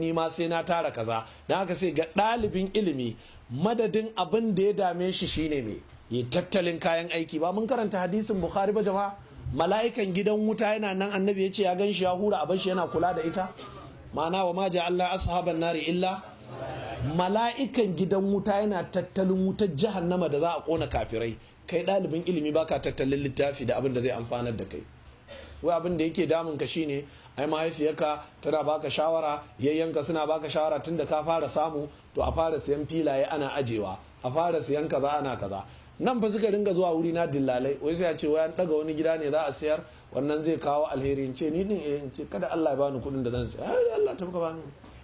ni ma sai na tara kaza don haka sai ga ɗalibin ilimi madadin abin da ya dame shi shine me yi tattalin kayan aiki ba mun karanta hadisin bukhari ba jama'a mala'ikan gidan wuta yana nan annabi ya ce ya gan shi ya hura abin shi yana kula da ita ma'ana wa ma Allah ashaban nari illa mala'ikan gidan wuta yana tattalin wutar nama da za a kona kafirai kai ɗalibin ilimi baka tattalin littafi da abin da zai amfanar da kai wai abin da yake damun ka shine ai mahaifiyarka tana baka shawara yayyanka suna baka shawara tun da ka fara samu to a fara siyan filaye ana ajewa a fara siyan kaza ana kaza nan fa suka ringa zuwa wuri na dillalai wai sai a ce wai an daga wani gida ne za a siyar wannan zai kawo alheri ce ni din eh, in ce kada Allah ya bani kuɗin da zan sayar ai Allah ta baka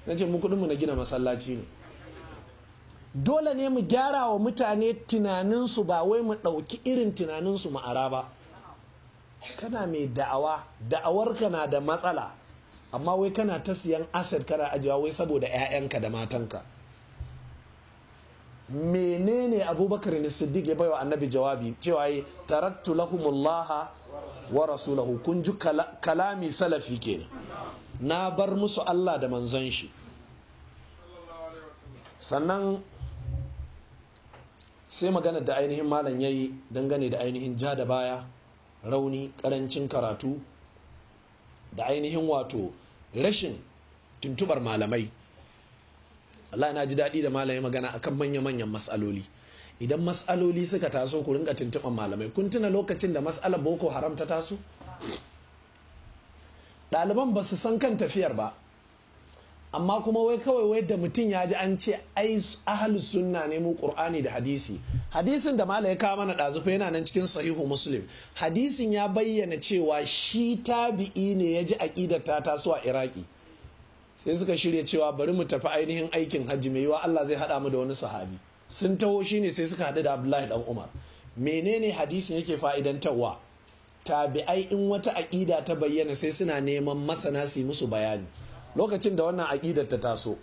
na ce mu kuɗin mu na gina masallaci ne dole ne mu gyara wa mutane tunaninsu ba wai mu ɗauki irin tunaninsu ma'ara ba kana mai da'awa da'awarka na da matsala amma wai kana ta siyan asset kana ajiya wai saboda 'ya'yanka da matanka menene abubakar ne siddiq ya wa annabi jawabi cewa yi eh, taraktu lahumullaha wa rasulahu kun ji kalami salafi ke? na bar musu Allah da manzon shi sannan sai magana da ainihin malam yayi dangane da ainihin ja da baya rauni karancin karatu da ainihin wato rashin tuntubar malamai Allah na ji daɗi da malamai magana akan manya-manyan matsaloli idan matsaloli suka taso ku rinka tuntuɓar malamai kun tuna lokacin da matsalar boko haram ta taso ɗaliban ba su san kan tafiyar ba amma kuma wai kawai wai da mutum ya ji an ce ai ahlus sunna ne mu qur'ani da hadisi hadisin da mala ya kawo mana dazufa yana nan cikin sahihu muslim hadisin ya bayyana cewa shi tabi'i ne ya ji aqidar ta taso a iraki sai suka shirya cewa bari mu tafi ainihin aikin hajji mai yiwa Allah zai hada mu da wani sahabi sun taho shi ne sai suka hadu da Abdullahi dan Umar menene hadisin yake fa'idantarwa tabi'ai in wata aƙida ta bayyana sai suna neman masana su musu bayani lokacin da wannan aƙidar ta taso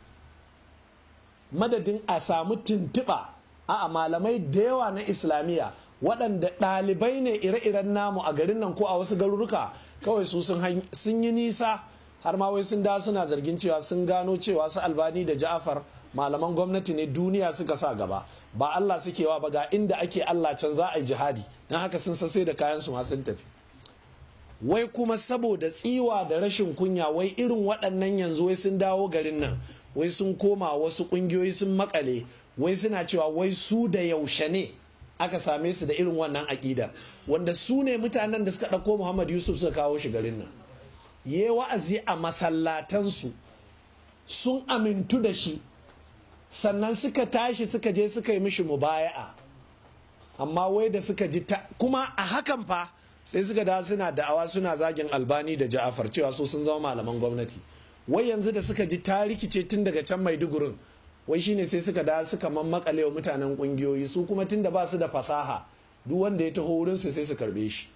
madadin a samu tuntuɓa a malamai da yawa na islamiyya waɗanda ɗalibai ne ire-iren namu a garin nan ko a wasu garuruka kawai su sun yi nisa har ma wai sun da suna zargin cewa sun gano cewa su albani da ja'afar malaman gwamnati ne duniya suka sa gaba ba allah suke wa ba ga inda ake allah can za a yi jihadi don haka sun sase da kayan su ma sun tafi wai kuma saboda tsiwa da rashin kunya wai irin waɗannan yanzu wai sun dawo garin nan wai sun koma wasu ƙungiyoyi sun makale wai suna cewa wai su da yaushe ne aka same su da irin wannan aƙida. wanda su ne mutanen da suka ɗauko muhammad yusuf suka kawo shi garin nan ye wa'azi a masallatansu sun amintu da shi sannan suka tashi suka je suka yi mishi mubaya'a amma wai da suka ji ta kuma a hakan fa sai suka da suna da'awa suna zagin albani da ja'afar cewa su sun zama malaman gwamnati wai yanzu da suka ji ta rikice tun daga can maidugurin wai shine sai suka da suka mammakale wa mutanen kungiyoyi su kuma tun da ba su da fasaha duk wanda ya taho wurin su sai su karbe shi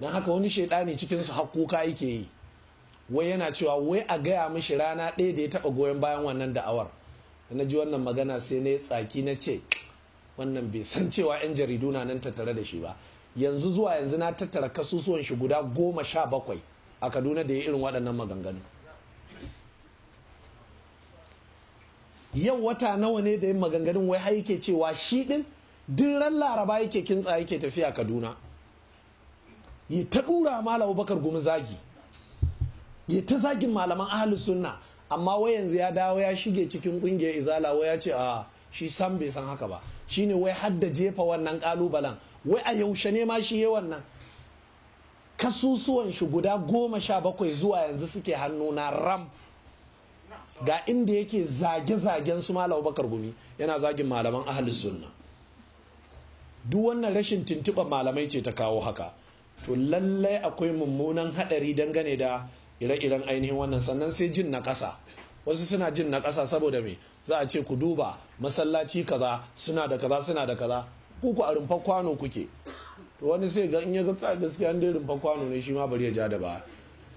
dan haka wani shaidani cikin su hakkuka yake yi wai yana cewa wai a gaya mishi rana ɗaya da ya taba goyon bayan wannan da'awar na ji wannan magana sai na tsaki na ce wannan bai san cewa 'yan jaridu na nan tattare da shi ba yanzu zuwa yanzu na tattara kasusuwan shi guda goma sha bakwai a kaduna da ya irin waɗannan maganganu yau wata nawa ne da yin maganganun wai har yake cewa shi ɗin duk laraba yake kintsa yake tafiya kaduna ya ta ɗura malam bakar gumi zagi ya ta zagin malaman ahalus sunna amma wai yanzu ya dawo ya shige cikin ƙungiyar izala wai ya ce a shi sam bai san haka ba shine wai hadda jefa wannan ƙalubalen wai a yaushe ne ma shi wannan kasusuwan shi guda goma sha bakwai zuwa yanzu suke hannuna ram ga inda yake zage-zagen su malam bakar gumi yana zagin malaman ahalin sunna duk wannan rashin tuntuɓar malamai ce ta kawo haka to lallai akwai mummunan haɗari dangane da ire-iren ainihin wannan sannan sai jin na ƙasa wasu suna jin na ƙasa saboda me za a ce ku duba masallaci kaza suna da kaza suna da kaza ku a rumfa kwano kuke to wani sai ga in ya ga gaskiya an dai rumfa kwano ne shi ma bari ya ja da ba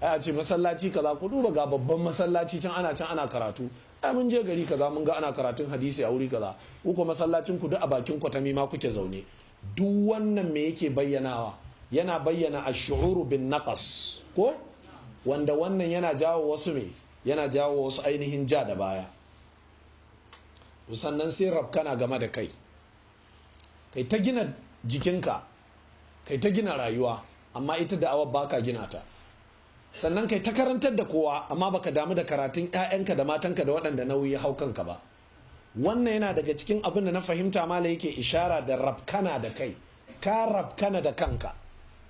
a ce masallaci kaza ku duba ga babban masallaci can ana can ana karatu ai mun je gari kaza mun ga ana karatun hadisi a wuri kaza ku masallacin ku duk a bakin kwatami ma kuke zaune duk wannan me yake bayyanawa yana bayyana ash-shu'uru bin naqas ko wanda wannan yana jawo wasu me yana jawo wasu ainihin ja da baya sannan sai rabkana game da kai kai ta gina jikinka kai ta gina rayuwa amma ita da ba baka gina ta sannan kai ta karantar da kowa amma baka damu da karatun 'ya'yanka da matanka da waɗanda nauyi ya hau kanka ba wannan yana daga cikin abin da na fahimta mala yake ishara da rabkana da kai ka rabkana da kanka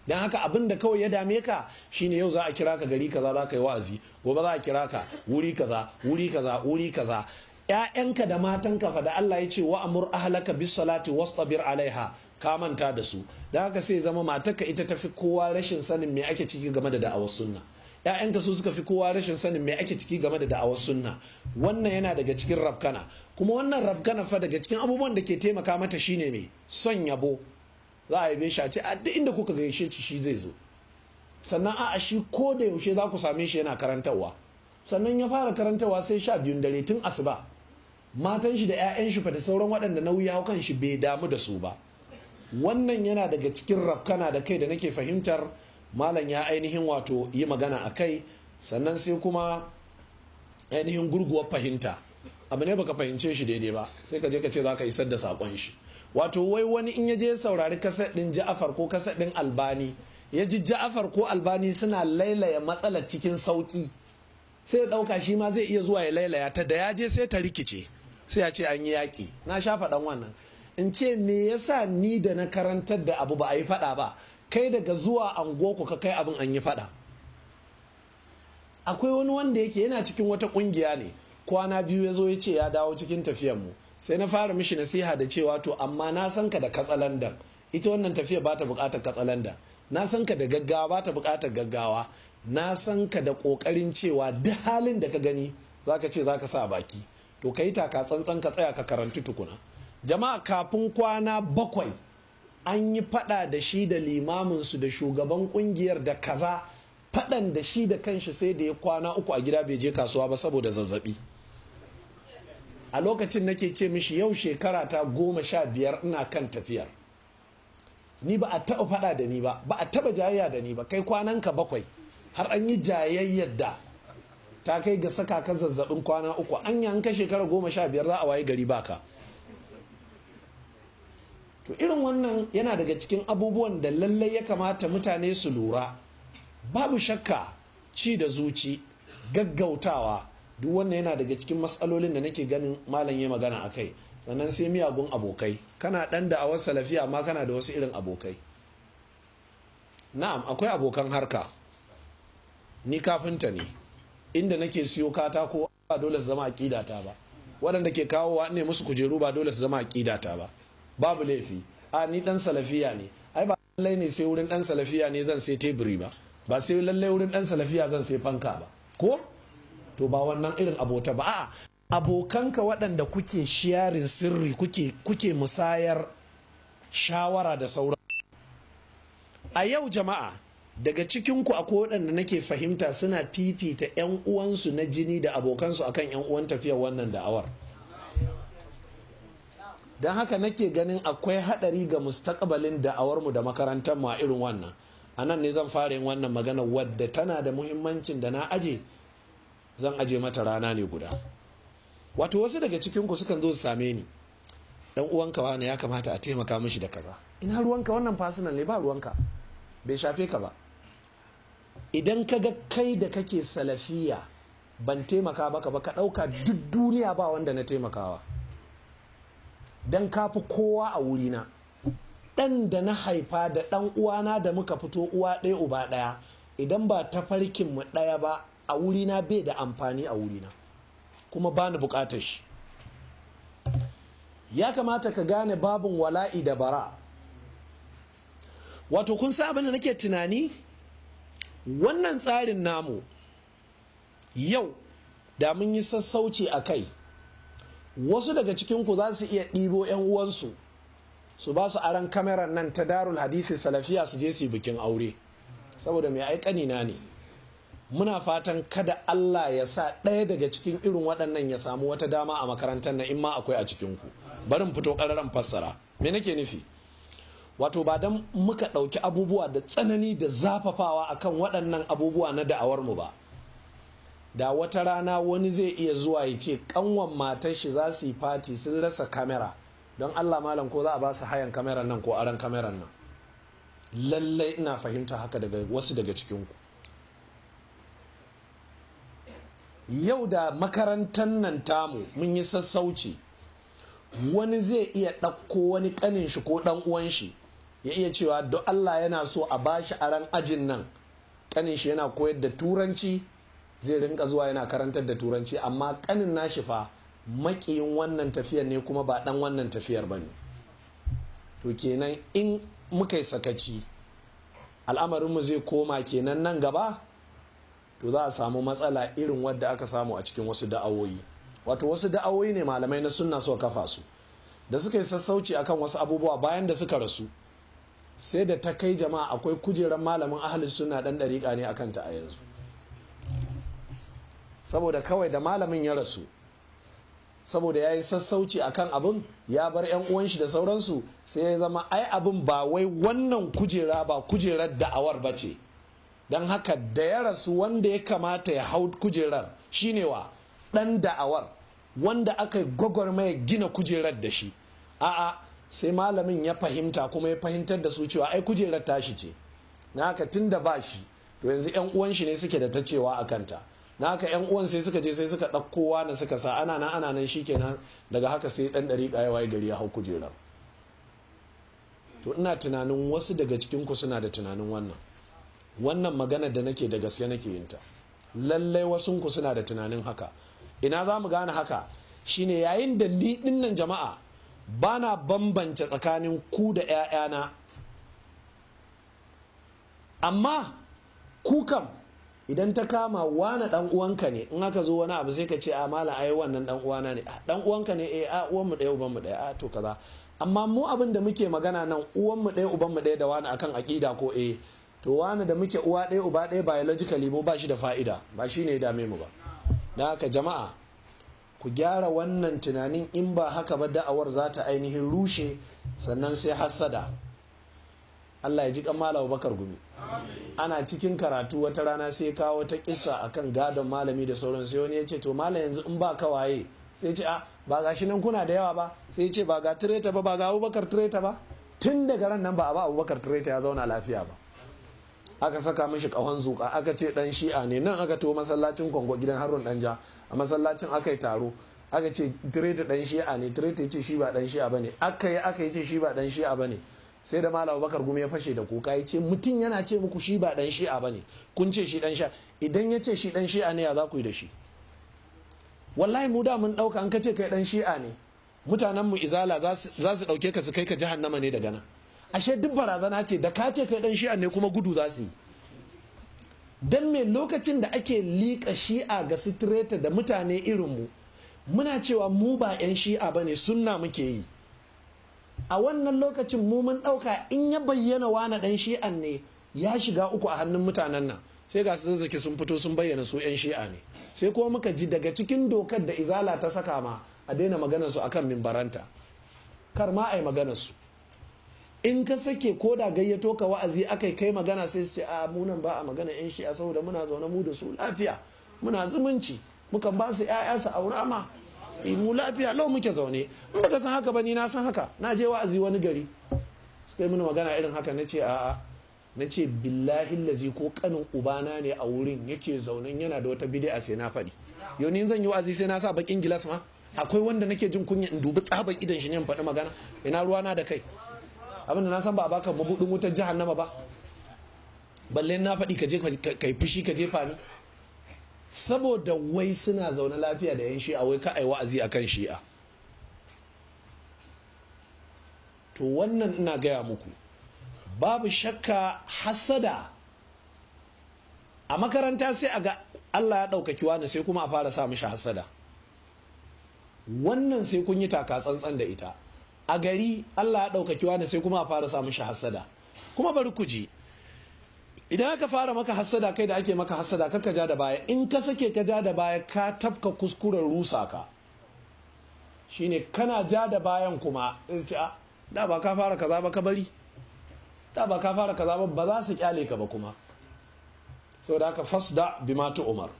don haka abin da kawai ya dame ka shine yau za a kira ka gari kaza za ka yi wa'azi gobe za a kira ka wuri kaza wuri kaza wuri kaza 'ya'yanka da matanka fa da Allah ya ce wa amur ahlaka bis salati wastabir alaiha ka manta da su da haka sai zama matarka ita ta fi kowa rashin sanin me ake ciki game da da'awar sunna ‘ya'yanka su suka fi kowa rashin sanin me ake ciki game da da'awar sunna wannan yana daga cikin rafkana kuma wannan rafkana fa daga cikin abubuwan da ke taimaka mata shine mai son yabo za a yabe shi a ce a duk inda kuka gaishe shi shi zai zo sannan a'a shi ko da yaushe za ku same shi yana karantarwa sannan ya fara karantarwa sai sha biyun dare tun asuba matan shi da 'ya'yan shi da sauran waɗanda na wuya kan shi bai damu da su ba wannan yana daga cikin rafkana da kai da nake fahimtar malam ya ainihin wato yi magana a kai sannan sai kuma ainihin gurguwar fahimta abu ne baka fahimce shi daidai ba sai ka je ka ce za ka isar da saƙon shi wato wai wani in ya je saurari kasar ɗin ja'afar ko kasar ɗin albani ya ji ja'afar ko albani suna lailaya matsalar cikin sauƙi sai ya ɗauka shi ma zai iya zuwa ya lailaya ta da ya je sai ta rikice sai a ce an yi yaki. na sha faɗan wannan in ce me yasa ni da na karantar da abu ba a yi faɗa ba kai daga zuwa ku ka kai abin an yi faɗa akwai wani wanda yake yana cikin wata ƙungiya ne kwana biyu ya zo ya ce ya dawo cikin tafiyar mu sai na fara mishi nasiha da cewa to amma na san ka da katsalandan ita wannan tafiya ba ta buƙatar katsalandan na san ka da gaggawa ba ta buƙatar gaggawa na san ka da ƙoƙarin cewa duk halin da ka gani zaka ce zaka sa baki to ka yi taka tsantsan ka tsaya ka karanti tukuna jama'a kafin kwana bakwai an yi fada da shi da limaminsu da shugaban kungiyar da kaza fadan da shi da kanshi sai da ya kwana uku a gida bai je kasuwa ba saboda zazzabi a lokacin nake ce mishi yau shekara ta goma sha biyar ina kan tafiyar ni ba a taɓa faɗa da ni ba ba a taɓa jayayya da ni ba kai kwananka bakwai har an yi jayayyar da ta kai ga saka ka zazzabin kwana uku an yi ka shekara goma sha biyar za a waye gari baka to irin wannan yana daga cikin abubuwan da lallai ya kamata mutane su lura babu shakka ci da zuci gaggautawa duk wannan yana daga cikin matsalolin da nake ganin malam ya magana a kai sannan sai miyagun abokai kana ɗan da a wasu lafiya, amma kana da wasu irin abokai na'am akwai abokan harka ni kafinta ne inda nake siyo katako ba dole su zama a ta ba waɗanda ke kawowa ne musu kujeru ba dole su zama a ba babu laifi a ni dan salafiya ne ai ba lallai ne sai wurin dan salafiya ne zan sai teburi ba ba sai lallai wurin dan salafiya zan sai fanka ba ko to ba wannan irin abota ba a'a abokanka waɗanda kuke shiyarin sirri kuke kuke musayar shawara da sauran a yau jama'a daga cikinku ku akwai waɗanda nake fahimta suna fifita 'yan uwansu na jini da abokansu akan 'yan uwan tafiyar wannan da'awar don haka nake ganin akwai haɗari ga da'awar da'awarmu da makarantar mu a irin wannan a nan ne zan fara yin wannan magana wadda tana da muhimmancin da na aje zan aje mata rana ne guda wato wasu daga cikinku sukan zo su same ni dan uwanka wani ya kamata a taimaka mishi da kaza ina ruwanka wannan fasinan ne ba ruwanka bai shafe ka ba idan ka ga kai da kake salafiya ban taimaka baka ba ka ɗauka duk duniya ba wanda na taimakawa don kafi kowa a wurina ɗan da na haifa da ɗan uwana da muka fito uwa ɗaya uba ɗaya idan ba ta farkin mu ɗaya ba a wurina bai da amfani a wurina kuma ba ni buƙatar shi ya kamata ka gane babin wala'i da bara wato kun sa abin nake tunani wannan tsarin namu yau da mun yi sassauci a kai wasu daga cikinku za su iya ɗibo 'yan uwansu su ba su aran kameran nan ta darul hadisi salafiya su je su bikin aure saboda mai aikani na ne muna fatan kada Allah ya sa ɗaya daga cikin irin waɗannan ya samu wata dama a makarantar na in ma akwai a cikinku barin fito ƙararren fassara me nake nufi wato ba don muka ɗauki abubuwa da tsanani da zafafawa akan waɗannan abubuwa na da'awarmu ba da wata rana wani zai iya zuwa ya ce ƙanwan matar shi za su yi fati sun rasa kamera don allah malam ko za a ba su hayan kameran nan ko aran kameran nan lallai ina fahimta haka daga wasu daga cikinku yau da makarantar nan tamu mun yi sassauci wani zai iya ɗauko wani ƙanin shi ko ɗan uwan shi ya iya cewa don Allah yana so a bashi aran ajin nan kanin shi yana koyar da turanci zai rinka zuwa yana karantar da turanci amma kanin nashi fa makiyin wannan tafiyar ne kuma ba dan wannan tafiyar ba ne to kenan in muka yi sakaci al'amarinmu zai koma kenan nan gaba to za a samu matsala irin wadda aka samu a cikin wasu da'awoyi wato wasu da'awoyi ne malamai na sunna suka kafa su da suka yi sassauci akan wasu abubuwa bayan da suka rasu sai da ta kai jama'a akwai kujerar malamin ahalin suna dan dariƙa ne akan ta a yanzu saboda kawai da malamin ya rasu saboda ya yi sassauci a kan abin ya bar yan uwan shi da sauransu sai ya zama ai abin ba wai wannan kujera ba kujerar da'awar ba ce don haka da ya rasu wanda ya kamata ya hau kujerar shine wa ɗan da'awar wanda aka gwagwarmaya gina kujerar da shi a'a sai malamin ya fahimta kuma ya fahimtar da su cewa ai kujerar tashi ce na haka tun da ba shi to yanzu yan uwan shi ne suke da ta cewa a kanta na haka yan uwan sai suka je sai suka wa na suka sa ana nan ana nan shikenan daga haka sai ɗan ɗari ya waye gari ya hau kujerar to ina tunanin wasu daga cikin ku suna da tunanin wannan wannan magana da nake da gaske nake yin ta lallai wasunku suna da tunanin haka ina za mu gane haka shine yayin da liɗin nan jama'a ba na bambance tsakanin ku da 'ya'yana amma ku kam idan ta kama wani dan uwanka ne in aka zo wani abu sai ka ce a ah, mala ai wannan dan uwana ne dan ah, uwanka ne eh a ah, uwanmu ɗaya ubanmu ɗaya a to kaza amma mu abin da muke magana nan uwanmu ɗaya ubanmu ɗaya da wani akan akida ko eh to wani da muke uwa ɗaya uba ɗaya biologically mu ba shi da fa'ida ba shi ne ya dame mu ba da haka jama'a ku gyara wannan tunanin in ba haka ba da'awar za ta ainihin rushe sannan sai hassada Allah ya ji kan Malam Bakar Gumi ana cikin karatu wata rana sai kawo ta a kan gadon malami da sauran sai wani ya ce to malam yanzu in ba ka waye sai ce a ba ga shi nan kuna da yawa ba sai ce ba ga tireta ba ba ga Abubakar tireta ba tun daga ran nan ba a ba Abubakar tireta ya zauna lafiya ba aka saka mishi kahon zuka aka ce dan shi'a ne nan aka to masallacin kwango gidan harun danja a masallacin aka yi taro aka ce tireta dan shi'a ne tireta ya ce shi ba dan shi'a bane aka yi aka yi ce shi ba dan shi'a bane sai da malam bakar gumi ya fashe da kuka ya ce mutum yana ce muku shi ba dan shi'a bane kun ce shi dan shi'a idan ya ce shi dan shi'a ne ya za ku yi da shi wallahi mu da mun dauka an ka ce kai dan shi'a ne mutanenmu izala za su dauke ka su kai ka jahannama ne daga nan ashe duk barazana ce da kace kai dan shi'a ne kuma gudu za su yi don me lokacin da ake liƙa shi'a ga sitireta da mutane irin mu muna cewa mu ba 'yan shi'a ba ne sunna muke yi a wannan lokacin mu mun ɗauka in ya bayyana wani ɗan shi'an ne ya shiga uku a hannun mutanen nan sai ga su zazzaki sun fito sun bayyana su 'yan shi'a ne sai kuma muka ji daga cikin dokar da izala ta saka ma a daina maganar su akan mimbaranta kar ma a yi maganar su in ka sake ko da gayyato ka wa'azi aka kai magana sai su ce a ah, munan ba a magana yan shi'a saboda muna zaune mu da su lafiya muna zumunci mukan ba su 'ya'ya su aura ma eh, mu lafiya lau muke zaune in baka san haka ba ni na san haka na je wa'azi wani gari su yi mini magana irin haka na ce a'a na ce billahi lazi ko kanin ubana ne a wurin yake zaune yana da wata bid'a sai na faɗi yau ni zan yi wa'azi sai na sa bakin gilas ma akwai wanda nake jin kunya in dubi tsaban idan shi ne in faɗi magana ina ruwa na da kai abinda na san ba a baka mabudin wutar jahannama ba balle na faɗi ka je ka fushi ka jefa ni saboda wai suna zaune lafiya da yan shi'a wai ka ai wa'azi akan shi'a to wannan ina gaya muku babu shakka hasada a makaranta sai a ga Allah ya ɗaukaki wani sai kuma a fara sa mishi hasada wannan sai kun yi taka tsantsan da ita a gari Allah ya ɗaukaki wani sai kuma a fara samun shi hassada kuma bari ku ji idan aka fara maka hassada kai da ake maka hassada kar ka ja da baya in ka sake ka ja da baya ka tafka kuskuren rusa ka shine kana ja da bayan kuma da ba ka fara kaza ba ka bari da ba ka fara kaza ba ba za su kyale ka ba kuma Sau da aka fasda bima umar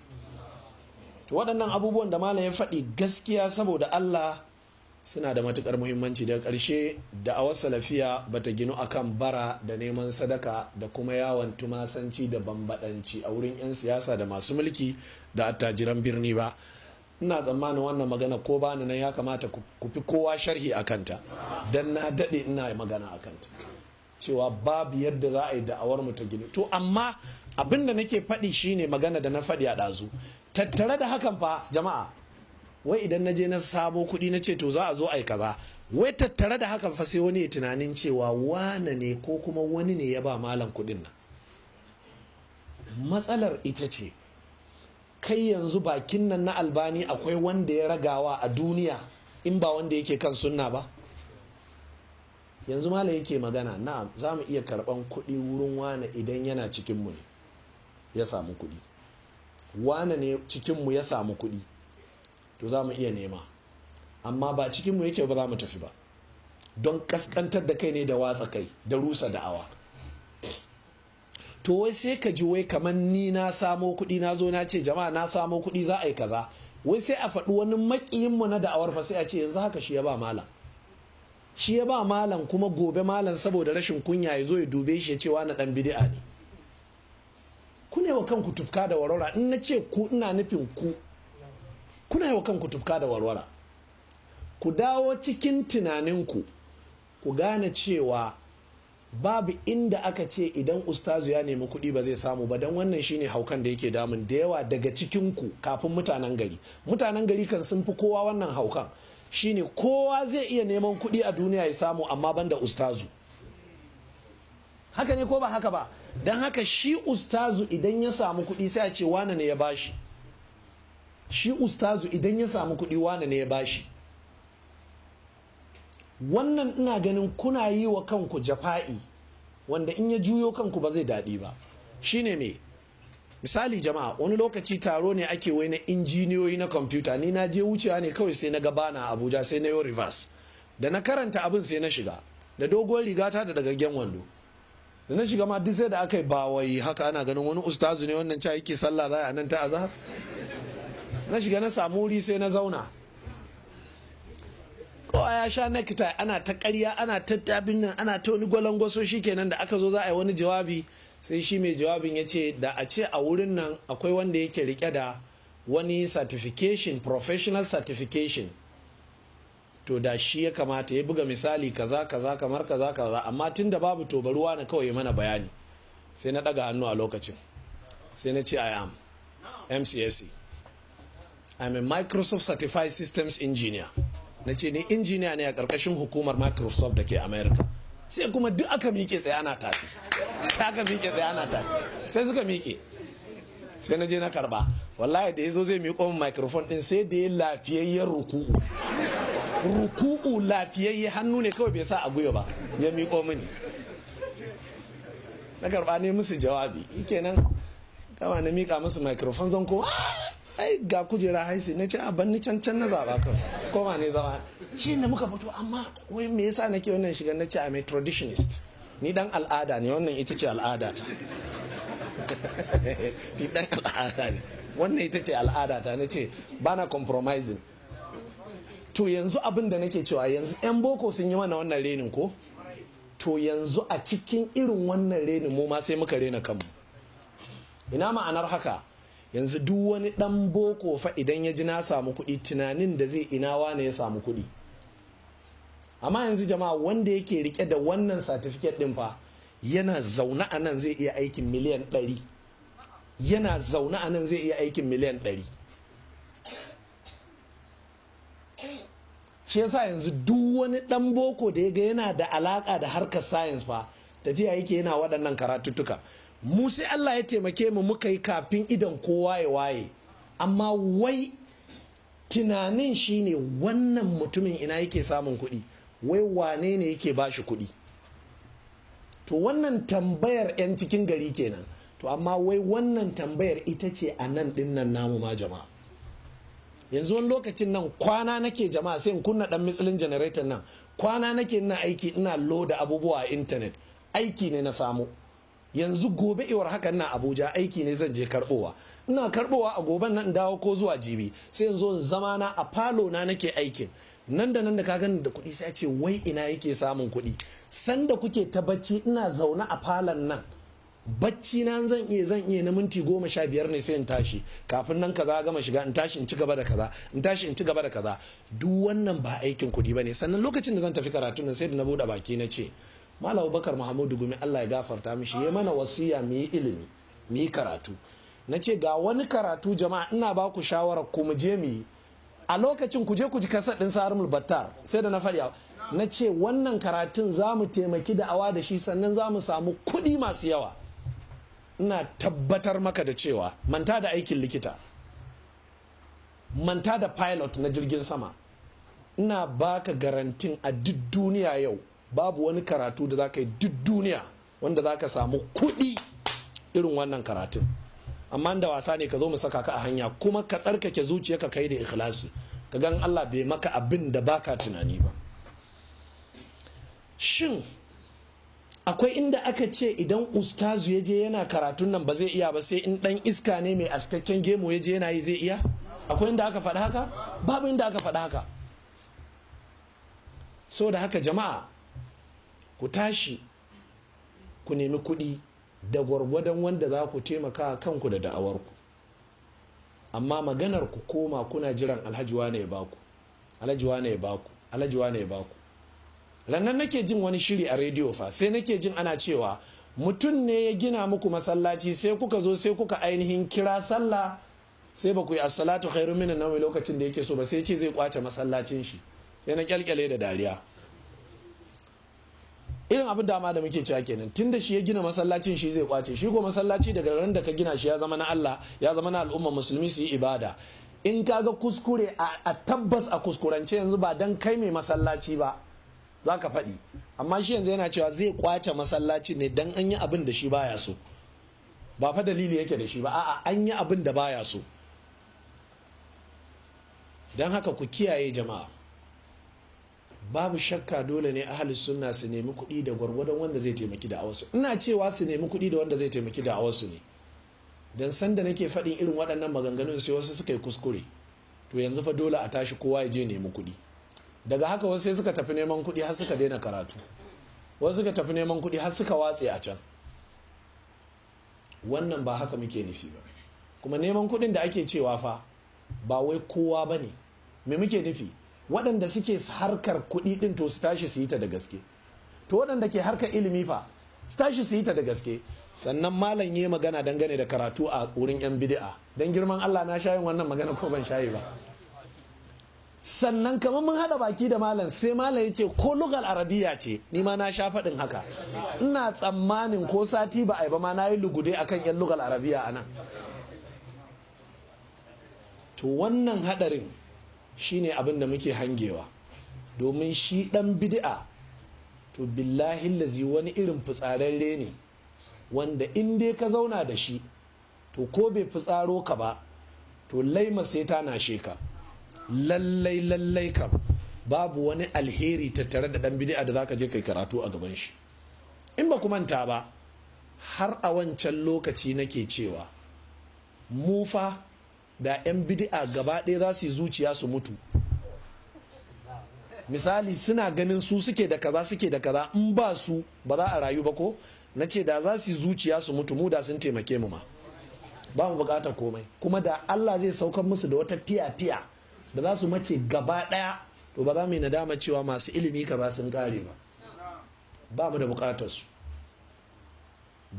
to waɗannan abubuwan da malam ya faɗi gaskiya saboda Allah suna da matukar muhimmanci daga ƙarshe da'awar salafiya ta ginu akan bara da neman sadaka da kuma yawon tumasanci da bambadanci a wurin 'yan siyasa da masu mulki da attajiran birni ba ina tsammanin wannan magana ko bani nan ya kamata ku fi kowa sharhi a kanta don na daɗe ina magana a kanta cewa babu yadda za a yi da'awar mu ta ginu to amma abinda da nake faɗi shine magana da na faɗi a ɗazu tattare da hakan fa jama'a wai idan na je na sabo kuɗi na ce to za a zo aika ba. wai tattare da haka fa sai wani ya tunanin cewa wane ne ko kuma wani ne ya ba malam kuɗin nan matsalar ita ce kai yanzu bakin nan na albani akwai wanda ya ragawa a duniya in ba wanda yake kan sunna ba yanzu malam yake magana na za mu iya karban kuɗi wurin wane idan yana cikinmu ne ya samu kuɗi wane ne cikinmu ya samu kuɗi to za mu iya nema amma ba cikinmu yake ba za mu tafi ba don kaskantar da kai ne da watsa kai da rusa da awa. to wai sai ka ji wai kamar ni na samo kuɗi na zo na ce jama'a na samo kuɗi za a yi kaza wai sai a faɗi wani maƙiyinmu na da'awar fa sai a ce yanzu haka shi ya ba malam shi ya ba malam kuma gobe malam saboda rashin kunya ya zo ya dube shi ya ce na ɗan bidi'a ne ku ne wa kanku tufka da warora? in na ce ku ina nufin ku kuna yawa kanku tufka da warwara ku dawo cikin tunaninku ku gane cewa babu inda aka ce idan ustazu ya nemi kuɗi ba zai samu ba don wannan shine haukan da yake damun da yawa daga cikinku kafin mutanen gari mutanen gari kan sun fi kowa wannan haukan shine kowa zai iya neman kuɗi a duniya ya samu amma banda ustazu haka ne ko ba haka ba don haka shi ustazu idan ya samu kuɗi sai a ce wane ne ya bashi shi ustazu idan ya samu kuɗi wane ne ya bashi wannan ina ganin kuna yi wa kanku jafa'i wanda in ya juyo kanku ba zai daɗi ba shine me misali jama'a wani lokaci taro ne ake wai na injiniyoyi na kwamfuta ni na je wucewa ne kawai sai na gabana abuja sai na yi reverse da na karanta abin sai na shiga da doguwar rigata da dagaggen wando da na shiga ma duk sai da aka yi bawai haka ana ganin wani ustazu ne wannan ca yake sallah za a nan ta azahar na shiga na samu wuri sai na zauna kowa ya sha nekta ana ta karya ana ta tabin nan ana ta wani gwalangwaso kenan da aka zo za a yi wani jawabi sai shi mai jawabin ya ce da a ce a wurin nan akwai wanda yake rike da wani certification professional certification to da shi ya kamata ya buga misali kaza kaza kamar kaza kaza amma tun da babu to na kawai mana bayani sai na ɗaga hannu a lokacin sai na ce i am mcsc I'm a Microsoft Certified Systems Engineer. Na ce ni injiniya ne a ƙarƙashin hukumar Microsoft da ke Amerika. Sai kuma duk aka miƙe tsaye ana tafi. Sai aka miƙe tsaye ana tafi. Sai suka miƙe. Sai na je na karba. Wallahi da yazo zai miƙo min microphone ɗin sai da ya lafiyayyen ruku'u. Ruku'u lafiyayye hannu ne kawai bai sa a gwiwa ba. Ya miƙo mini. Na karba ne musu jawabi. Kenan kama na miƙa musu microphone zan ko ai ga kujera haisi na ce a ah, banni can can na zaba kan koma ne zama shi da muka fito amma wai me yasa nake wannan shiga na ce ah, a mai traditionist ni dan al'ada ne wannan ita ce al'ada ta ni dan al'ada ne wannan ita ce al'ada ta na ce bana compromising to yanzu abin da nake cewa yanzu yan boko sun yi mana wannan renin ko to yanzu a cikin irin wannan renin mu ma sai muka rena kanmu ina ma'anar haka yanzu duk wani dan boko fa idan ya ji na samu kuɗi tunanin da zai ina wane ya samu kuɗi amma yanzu jama'a wanda yake rike da wannan satifiket din fa yana zaune a nan zai iya aikin miliyan ɗari yana zaune a nan zai iya aikin miliyan ɗari shi yasa yanzu duk wani dan boko da ya ga yana da alaka da harkar science fa tafiya yake yana waɗannan karatuttuka mu sai Allah ya taimake mu muka yi kafin idan kowa ya waye amma wai tunanin shine wannan mutumin ina yake samun kuɗi wai wane ne yake ba shi kuɗi to wannan tambayar 'yan cikin gari kenan to amma wai wannan tambayar ita ce a nan dinnan namu ma jama'a yanzu wani lokacin nan kwana nake jama'a sai in kunna dan mitsilin janareton nan kwana nake ina aiki ina loda abubuwa a intanet aiki ne na samu yanzu gobe iwar hakan na abuja aiki ne zan je karbowa ina karbowa a goben nan dawo ko zuwa jibi sai yanzu in zama na a falo na nake aikin nan da nan da ka gani da kuɗi sai ce wai ina yake samun kuɗi sanda kuke ta bacci ina zaune a falon nan bacci na zan iya zan iya na minti goma sha biyar ne sai in tashi kafin nan kaza gama shiga in tashi in ci gaba da kaza in tashi in ci gaba da kaza duk wannan ba aikin kuɗi ba ne sannan lokacin da zan tafi karatu nan sai da na buɗe baki na ce malam bakar muhammadu gumi allah ya gafarta mishi ya mana wasiya mu yi ilimi mu yi karatu na ce ga wani karatu jama'a ina ba ku shawara ku mu je mu yi a lokacin ku je ku ji kasar din sarumul battar sai da na faɗi na ce wannan karatun za mu taimaki da awa da shi sannan za mu samu kuɗi masu yawa ina tabbatar maka da cewa manta da aikin likita manta da pilot na jirgin sama ina baka garantin a duk duniya yau babu wani karatu da za ka yi duk duniya wanda za ka samu kuɗi irin wannan karatun amma da wasa ne ka zo mu saka ka a hanya kuma ka tsarkake ka kai da ikhlasi ka gan Allah bai maka abin da baka tunani ba shin akwai inda aka ce idan ustazu ya je yana karatun nan ba zai iya ba sai in dan iska ne mai askakken gemu ya je yana yi zai iya akwai inda aka faɗa haka babu inda aka faɗa haka so da haka jama'a ku tashi ku nemi kuɗi da gwargwadon wanda za ku taimaka kanku da da'awarku amma maganar ku koma kuna jiran alhaji wane ya baku alhajiwa na ya baku alhajiwa ya baku rannan nake jin wani shiri a rediyo fa sai nake jin ana cewa mutum ne ya gina muku masallaci sai kuka zo sai kuka ainihin kira sallah sai ba ku yi assalatu khairu minan nawai lokacin da yake so ba sai ce zai kwace masallacin shi sai na kyalkyale da dariya irin abin dama da muke cewa kenan tun da shi ya gina masallacin shi zai kwace shi ko masallaci daga ran da ka gina shi ya zama na Allah ya zama na al'umma musulmi su yi ibada in kaga kuskure a tabbas a kuskurance yanzu ba dan kai mai masallaci ba za ka faɗi amma shi yanzu yana cewa zai kwace masallaci ne dan an yi abin da shi baya so ba fa dalili yake da shi ba a'a an yi abin da baya so don haka ku kiyaye jama'a babu shakka dole ne ahli sunna su nemi kuɗi da gwargwadon wanda zai taimaki da awasu ina cewa su nemi kuɗi da wanda zai taimaki da awasu ne dan sanda nake faɗin irin waɗannan maganganun sai wasu suka yi kuskure to yanzu fa dole a tashi kowa ya je nemi kuɗi daga haka wasu suka tafi neman kuɗi har suka daina karatu wasu suka tafi neman kuɗi har suka watse a can wannan ba haka muke nufi ba kuma neman kuɗin da ake cewa fa ba wai kowa ba ne me muke nufi waɗanda suke harkar kuɗi ɗin to su tashi su yi ta da gaske to waɗanda ke harkar ilimi fa su tashi su yi ta da gaske sannan malam yi magana dangane da karatu a wurin yan bid'a don girman Allah na shayin wannan magana ko ban shayi ba sannan kamar mun haɗa baki da malam sai malam ya ce ko lugal arabiya ce ni ma na sha faɗin haka ina tsammanin ko sati ba a yi ba ma na yi lugude akan yan lugal arabiya a nan to wannan haɗarin shine abin da muke hangewa domin shi ɗan bid'a to billahi lazi wani irin fitsararre ne wanda in dai ka zauna da shi to ko bai fitsaro ka ba to laima sai ta nashe ka lallai lallai kam babu wani alheri tattare da ɗan bid'a da zaka je kai karatu a gaban shi in ba kuma manta ba har a wancan lokaci nake cewa mufa da 'yan bid'a gaba ɗaya za su yi zuciya su mutu misali suna ganin su suke da kaza suke da kaza in ba su ba za a rayu ba ko na ce da za su yi zuciya su mutu mu da sun taimake mu ma ba mu bukatar komai kuma da Allah zai saukar musu da wata fiya-fiya da za su mace gaba ɗaya to ba za mu yi nadama cewa masu ilimi kaza sun kare ba ba mu da bukatar su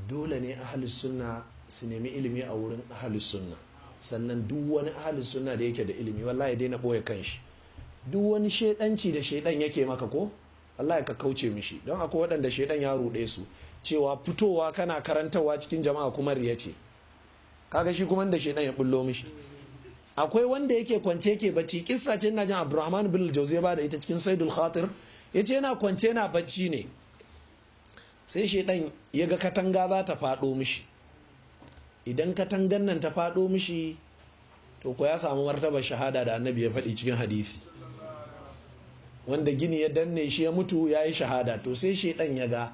dole ne ahalus sunna su nemi ilimi a wurin ahalus sunna sannan duk wani ahalin sunna da yake da ilimi wallahi daina boye shi duk wani shedanci da shedan yake maka ko ya ka kauce mishi don akwai waɗanda shedan ya ruɗe su cewa fitowa kana karantawa cikin jama'a kuma riya ce kaga shi kuma da shedan ya bullo mishi akwai wanda yake kwance yake bacci kissa ce ina jin Abdurrahman bin Jauzi ba da ita cikin Saidul Khatir yace yana kwance yana bacci ne sai shedan ya ga katanga za ta faɗo mishi idan katangan nan ta faɗo mishi to ko ya samu martabar shahada da annabi ya faɗi cikin hadisi wanda gini ya danne shi ya mutu ya yi shahada to sai shaidan ya ga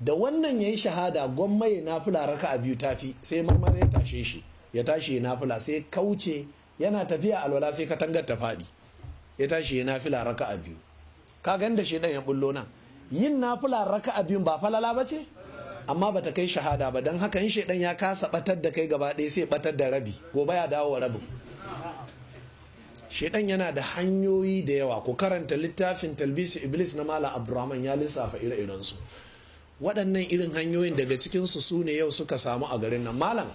da wannan ya yi shahada gwamma ya nafula raka a biyu tafi sai marmara ya tashe shi ya tashi ya nafula. sai kauce yana tafiya alwala sai katangar ta faɗi ya tashi ya nafula raka a biyu ka ganda shaidan ya bullo nan yin nafula raka a biyun ba falala ba ce amma bata kai shahada ba don haka in shaidan ya kasa batar da kai gaba ɗaya sai batar da rabi gobe ya dawo wa rabin shaidan yana da hanyoyi da yawa ko karanta littafin talbisu iblis na mala abdurrahman ya lissafa ire su waɗannan irin hanyoyin daga cikinsu su ne yau suka samu a garin nan malam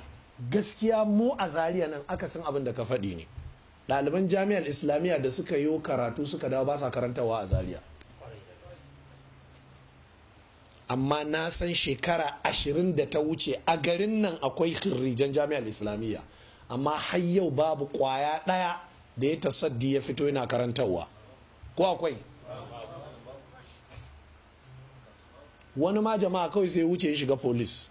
gaskiya mu a zariya nan akasin abin da ka faɗi ne ɗaliban jami'ar islamiyya da suka yi karatu suka dawo ba sa karantawa a zariya amma na san shekara ashirin da ta wuce a garin nan akwai khirrijan jami'ar islamiyya amma har yau babu kwaya ɗaya da ya tasaddi ya fito yana karantarwa ko akwai wani ma jama'a kawai sai wuce ya shiga polis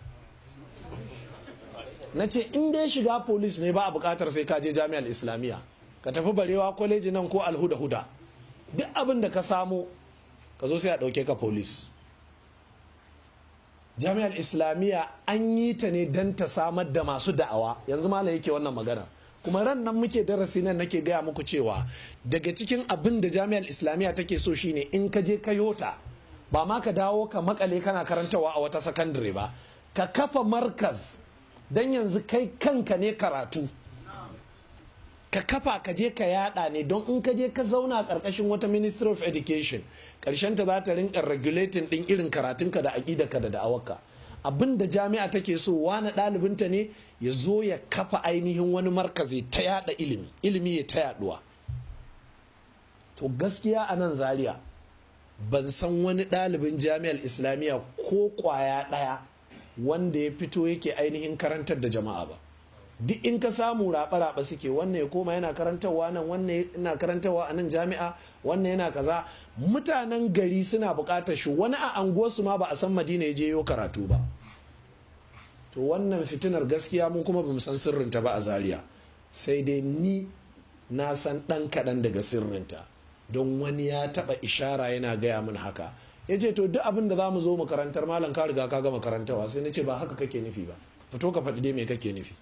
na ce inda ya shiga polis ne ba a bukatar sai ka jami'ar islamiyya ka tafi barewa kwaleji nan ko alhuda-huda duk abin da ka samu ka zo sai a ɗauke ka polis jami'ar islamiyya an yi ta ne don ta samar da masu da'awa yanzu malam yake wannan magana kuma ran nan muke darasi nan nake gaya muku cewa daga cikin abin da jami'ar islamiyya take so shine in ka je ka yota ba ma ka dawo ka makale kana karantawa a wata sakandare ba ka kafa markaz don yanzu kai kanka ne karatu ka kafa ka je ka yada ne don in ka je ka zauna karkashin wata ministry of education karshen ta za ta rinka regulating din irin karatunka da aƙidaka da da'awarka abin da jami'a take so wani ɗalibinta ne ya zo ya kafa ainihin wani markazi ta yada ilimi ilimi ya ta yaduwa to gaskiya a nan zaria ban san wani ɗalibin jami'ar islamiyya ko ƙwaya ɗaya wanda ya fito yake ainihin karantar da jama'a ba duk in ka samu raɓa-raɓa suke wannan ya koma yana karantarwa nan wannan yana karantarwa a nan jami'a wannan yana kaza mutanen gari suna buƙatar shi wani a anguwarsu ma ba a san madina ya je yo karatu ba to wannan fitinar gaskiya mu kuma bamu san sirrinta ba a zaria sai dai ni na san ɗan kaɗan daga sirrinta don wani ya taɓa ishara yana gaya min haka ya ce to duk abin da za mu zo mu karantar malam ka riga ka gama karantawa sai na ce ba haka kake nufi ba fito ka faɗi dai me kake nufi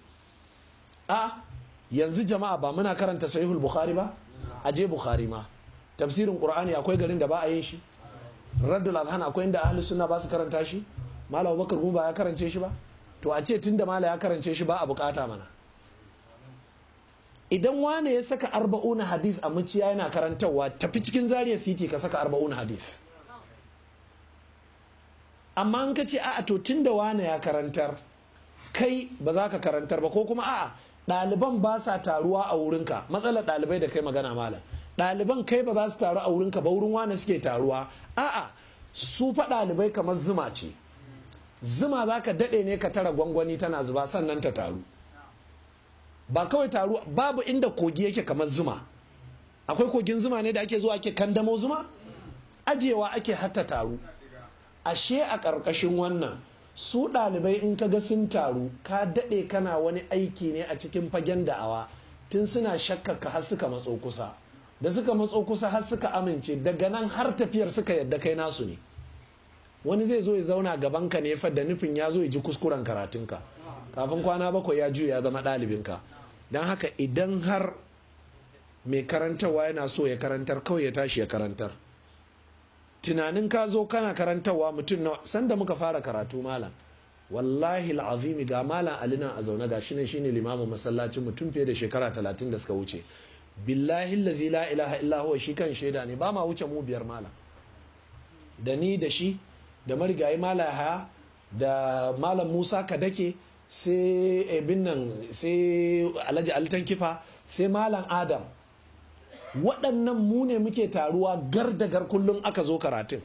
a yanzu jama'a ba muna karanta sahihul bukhari ba aje bukhari ma tafsirin qur'ani akwai garin da ba a yin shi raddul adhan akwai inda ahlus sunna ba su karanta shi malam bakar ba ya karance shi ba to a ce tunda mala ya karance shi ba a bukata mana idan wane ya saka arba'una hadis a muciya yana karantarwa tafi cikin zariya city ka saka arba'una hadith amma an ka ce a'a to tunda wane ya karantar kai ba za ka karantar ba ko kuma a'a ɗaliban ba sa taruwa a wurinka matsalar ɗalibai da kai magana malam ɗaliban kai ba za su taru a wurinka ba wurin wane suke taruwa a'a su fa ɗalibai kamar zuma ce zuma za ka daɗe ne ka tara gwangwani tana zuba sannan ta taru ba kawai taru babu inda kogi yake kamar zuma akwai kogin zuma ne da ake zuwa ake kandamo zuma ajewa ake hatta taru ashe a ƙarƙashin wannan su ɗalibai in ka ga sun taru ka daɗe kana wani aiki ne a cikin fagen da'awa tun suna shakkaka har suka matso kusa da suka matso kusa har suka amince daga nan har tafiyar suka yadda kai nasu ne wani zai zo ya zauna gaban ka ne da nufin ya zo ya ji kuskuren karatunka kafin kwana bakwai ya juya zama ɗalibinka don haka idan har mai karantarwa yana so ya karantar kawai ya tashi ya karantar tunanin ka zo kana karantarwa mutum na sanda muka fara karatu malam wallahi al'azimi ga malam ali nan a zaune shi ne shine limamin masallacin mutum fiye da shekara talatin da suka wuce billahi lazi la ilaha huwa shi kan shaida ne ba ma wuce mu biyar malam da ni da shi da marigayi malam haya da malam musa kadake sai eh, binnan nan sai alhaji altan kifa sai malam adam waɗannan mu ne muke taruwa gar da gar kullum aka zo karatun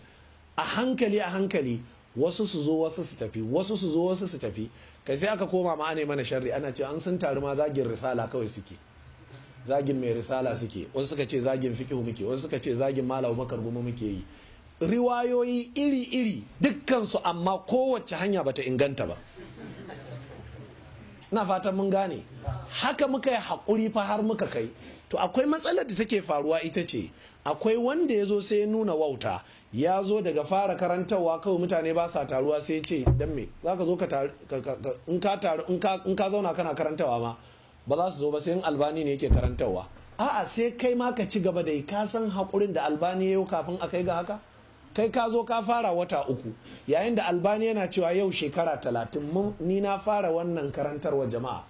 a hankali a hankali wasu su zo wasu su tafi wasu su zo wasu su tafi kai sai aka koma ma mana sharri ana ce an sun taru ma zagin risala kawai suke zagin mai risala suke wasu suka ce zagin fiqhu muke wasu suka ce zagin malam bakar goma muke yi riwayoyi iri-iri dukkansu amma kowace hanya bata inganta ba na fatan mun gane haka muka yi haƙuri fa har muka kai to akwai matsalar da take faruwa ita ce akwai wanda ya zo sai ya nuna wauta ya zo daga fara karantarwa kawai mutane ba sa taruwa sai ya ce don me za ka zo in ka zauna kana karantawa ma ba za su zo ba sai in albani ne yake karantarwa a'a sai kai ma ka ci gaba da ka san haƙurin da albani ya yi kafin a kai ga haka kai ka zo ka fara wata uku yayin da albani yana cewa yau shekara talatin ni na fara wannan karantarwa jama'a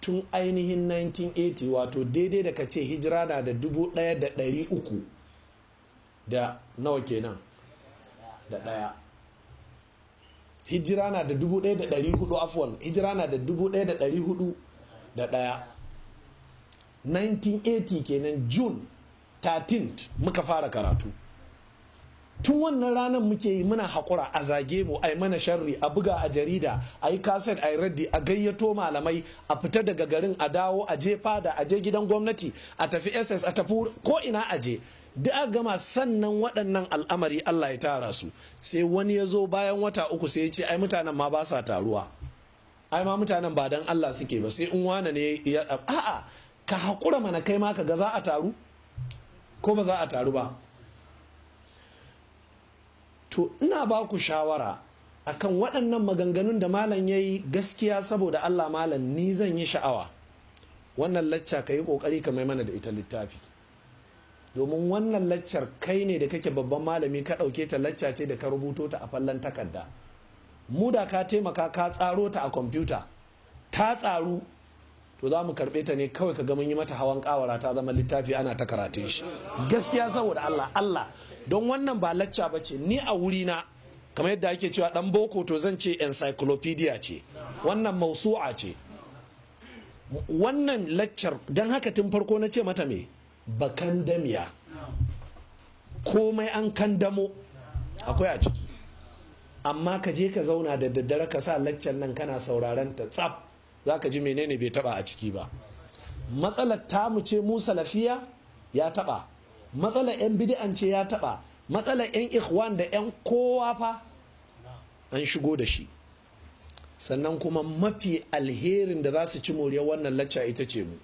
tun ainihin 1980 wato daidai da ka ce hijira na da 1300 da nawa kenan da daya hijira na da 1400 afwan hijira na da 1400 da daya 1980 kenan june 13 muka fara karatu tun wannan ranar muke yi muna haƙura a zage mu yi mana sharri a buga a jarida a yi kaset a yi raddi a gayyato malamai a fita daga garin a dawo a je fada a je gidan gwamnati a tafi ss a tafi ko ina a je da gama sannan waɗannan al'amari Allah ya tara su sai wani ya zo bayan wata uku sai ya ce ai mutanen ma ba sa taruwa ai ma mutanen ba dan Allah suke ba sai in wane ne ya a'a ka haƙura mana kai ma ka ga za a taru ko ba za a taru ba to ina ba ku shawara akan waɗannan maganganun da malam ya yi gaskiya saboda allah malam ni zan yi sha'awa wannan lacca ka yi ƙoƙari ka mai mana da ita littafi domin wannan laccar kai ne da kake babban malami ka ɗauke ta lacca ce da ka rubuto ta a fallon takarda mu da ka taimaka ka tsaro ta a kwamfuta ta tsaru to za mu karɓe ta ne kawai ka ga mun yi mata hawan ƙawara ta zama littafi ana ta karatun shi gaskiya saboda allah allah don wannan ba lacca ba ce ni a wurina kamar yadda ake cewa dan boko to zan ce encyclopedia ce wannan mausu'a ce wannan laccar don haka tun farko na ce mata me bakan damiya komai an kandamo akwai a ciki amma ka je ka zauna da daddare ka sa laccar nan kana sauraron ta tsaf za ka ji menene bai taba a ciki ba matsalar tamu ce mu salafiya ya taba Matsala 'yan bidi'an ce ya taɓa matsala 'yan ikhwan da 'yan kowa fa an shigo da shi sannan kuma mafi alherin da za su ci moriyar wannan lacca ita ce mu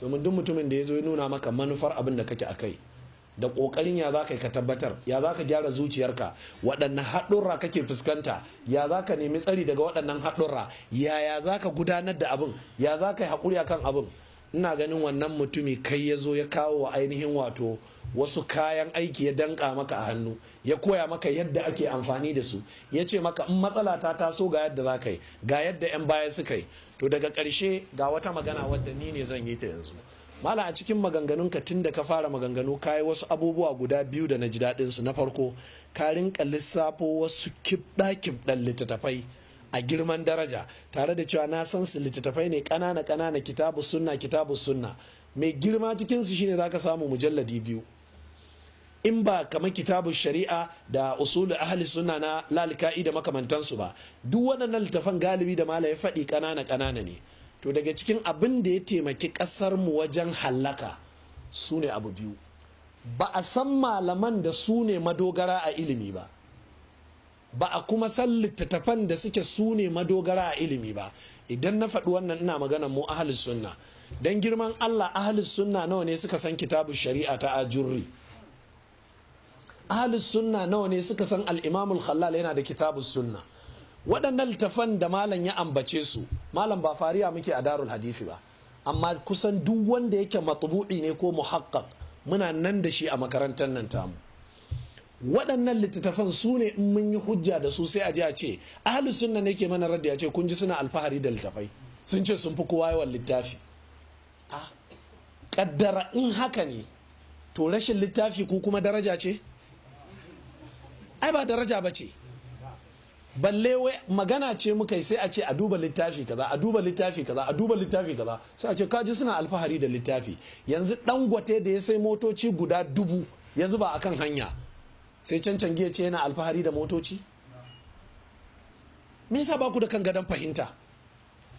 domin duk mutumin da ya zo ya nuna maka manufar abin da kake a kai da ƙoƙarin ya za ka yi ka tabbatar ya za ka gyara zuciyarka waɗannan haɗurra kake fuskanta ya za ka nemi tsari daga waɗannan haɗurra yaya za ka gudanar da abin ya za ka yi haƙuri akan abin ina ganin wannan mutumi kai ya zo ya kawo wa ainihin wato wasu kayan aiki ya danka maka a hannu ya koya maka yadda ake amfani da su ya ce maka in matsala ta taso ga yadda za ka yi ga yadda 'yan baya suka yi to daga ƙarshe ga wata magana wadda ni ne zan yi ta yanzu mala a cikin maganganun ka tun da ka fara maganganu ka yi wasu abubuwa guda biyu da na ji daɗin su na farko ka rinka lissafo wasu kibɗa kibɗan littattafai a girman daraja tare da cewa na san su littattafai ne ƙanana kanana kitabu sunna kitabu sunna mai girma cikin su shine zaka samu mujalladi biyu in ba kamar kitabu shari'a da usulu ahli sunna na lalika'i da makamantansu ba duk waɗannan littafan galibi da mala ya faɗi ƙanana ƙanana ne to daga cikin abin da ya taimaki ƙasar mu wajen hallaka su ne abu biyu ba a san malaman da su ne madogara a ilimi ba ba a kuma san littattafan da suke sune madogara a ilimi ba idan na faɗi wannan ina magana mu ahlus sunna dan girman Allah ahlus sunna nawa ne suka san kitabu shari'a ta ajurri ahlus sunna nawa ne suka san al-imamul yana da kitabu sunna waɗannan littattafan da malam ya ambace su malam ba fariya muke a darul hadisi ba amma kusan duk wanda yake matbu'i ne ko muhaqqaq muna nan da shi a makarantar nan tamu waɗannan littattafan su ne in mun yi hujja da su sai a ji a ce ahlus sunna ne ke mana raddi ce kun ji suna alfahari da littafai sun ce sun fi kowa yawan littafi a kaddara in haka ne to rashin littafi ko kuma daraja ce ai ba daraja ba ce balle wai magana ce muka sai a ce a duba littafi kaza a duba littafi kaza a duba littafi kaza sai a ce kaji suna alfahari da littafi yanzu dangote da ya sai motoci guda dubu yanzu ba akan hanya sai cancan giya ce yana alfahari da motoci me yasa ba ku da kan gadon fahimta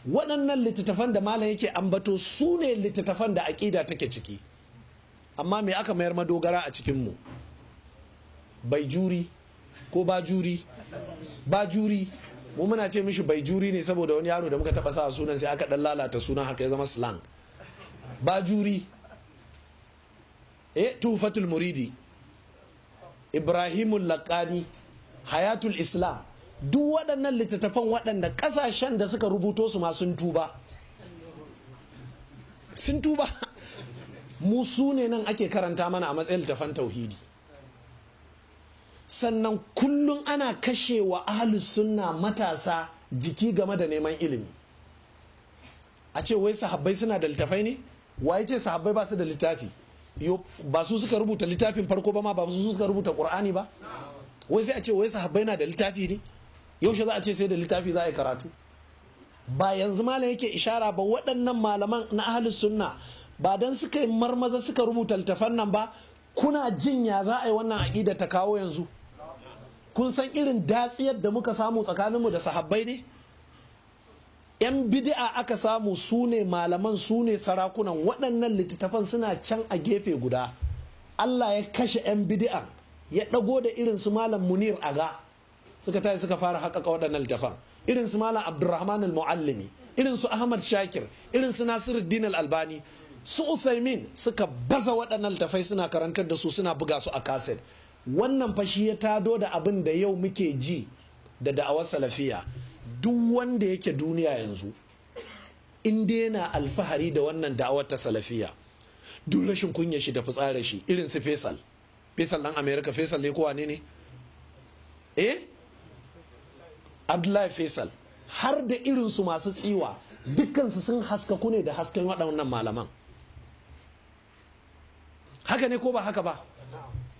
waɗannan littattafan da malam yake ambato su ne littattafan da aƙida take ciki amma me aka mayar madogara a cikinmu bai juri ko ba juri ba juri mu muna ce mishi bai juri ne saboda wani yaro da muka taɓa sa sunan sai aka ɗan lalata sunan haka ya zama slang ba juri eh tufatul muridi ibrahimul Lakani, hayatul islam duk waɗannan littattafan waɗanda ƙasashen da suka rubuto su ma sun tuba sun tuba mu su ne nan ake karanta mana a matsayin littattafan tauhidi sannan kullum ana kashe wa ahalus sunna matasa jiki game da neman ilimi a ce wai sahabbai suna da littafai ne waye ce sahabbai ba su da littafi ba su suka rubuta littafin farko ba ma ba su suka rubuta qur'ani ba wai sai a ce wai sahabbai na da littafi ne yaushe za a ce sai da littafi za a yi karatu ba yanzu malam yake ishara ba waɗannan malaman na ahlus sunna ba dan suka yi marmaza suka rubuta littafan nan ba kuna jin ya za a yi wannan aƙida ta kawo yanzu kun san irin datsiyar da muka samu tsakaninmu da sahabbai ne 'yan bidi'a aka samu su ne malaman su ne sarakunan waɗannan littattafan suna can a gefe guda Allah ya kashe 'yan bidi'an ya ɗago da irin su malam munir aga suka tayi suka fara haƙaƙa waɗannan littattafan irin su malam abdurrahman al-muallimi irin su ahmad shakir irin su din al-albani su uthaymin suka baza waɗannan littattafai suna karantar da su suna buga su a kaset wannan fashi ya tado da abin da yau muke ji da da'awar salafiya duk wanda yake duniya yanzu in dai yana alfahari da wannan da'awar ta salafiya duk rashin kunya shi da fitsarar shi irin su fesal fesal dan Amerika, fesal ne kowa ne ne eh abdullahi fesal har da irin su masu tsiwa dukkansu sun haskaku ne da hasken waɗannan malaman haka ne ko ba haka ba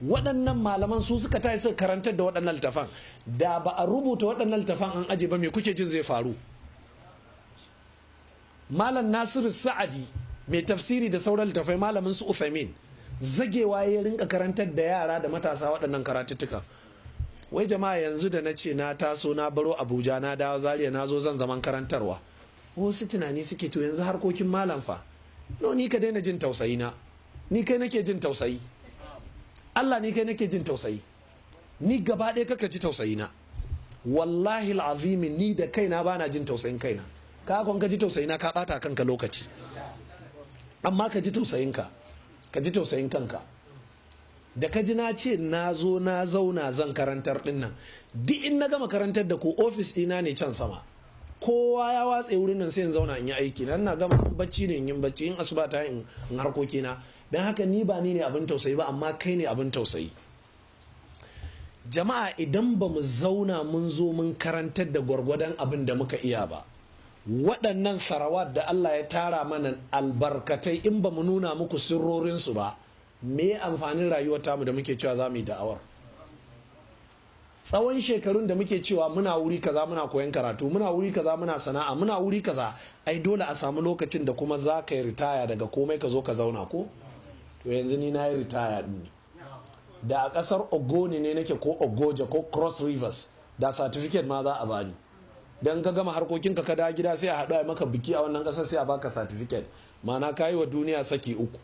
waɗannan malaman su suka tayi suka karantar da waɗannan littafan da ba a rubuta waɗannan littafan an aje ba me kuke jin zai faru malam nasiru sa'adi mai tafsiri da sauran littafai malamin su ufamin zagewa ya rinka karantar da yara da matasa waɗannan karatuttuka wai jama'a yanzu da na ce na taso na baro abuja na dawo Zariya na zo zan zaman karantarwa wasu tunani suke to yanzu harkokin malam fa no ni ka daina jin tausayi na ni kai nake jin tausayi Allah ne kai nake jin tausayi ni gaba ɗaya kaka ji tausayi na wallahi al'azimi ni da kaina bana jin tausayin kaina ka kon ka ji tausayi na ka bata kanka lokaci amma ka ji tausayin ka ka ji tausayin kanka da ka ji na ce na zo na zauna zan karantar dinnan duk in na gama karantar da ku ofis ina ne can sama kowa ya watse wurin nan sai in zauna in yi aiki nan na gama bacci ne in yi bacci in asuba ta in harkoki na dan haka ni ba ni ne abin tausayi ba amma kai ne abin tausayi jama'a idan ba mu zauna mun zo mun karantar da gwargwadon abin da muka iya ba waɗannan sarawat da Allah ya tara mana albarkatai in ba mu nuna muku sirrorinsu ba me amfanin rayuwar tamu da muke cewa za mu yi da'awar tsawon shekarun da muke cewa muna wuri kaza muna koyan karatu muna wuri kaza muna sana'a muna wuri kaza ai dole a samu lokacin da kuma za ka yi ritaya daga komai ka zo ka zauna ko to yanzu ni na yi ritaya din da a kasar ogoni ne nake ko ogoja ko cross rivers da certificate ma za a bani dan ka gama harkokin ka ka da gida sai a haɗu a maka biki a wannan ƙasar sai a baka certificate ma'ana yi wa duniya saki uku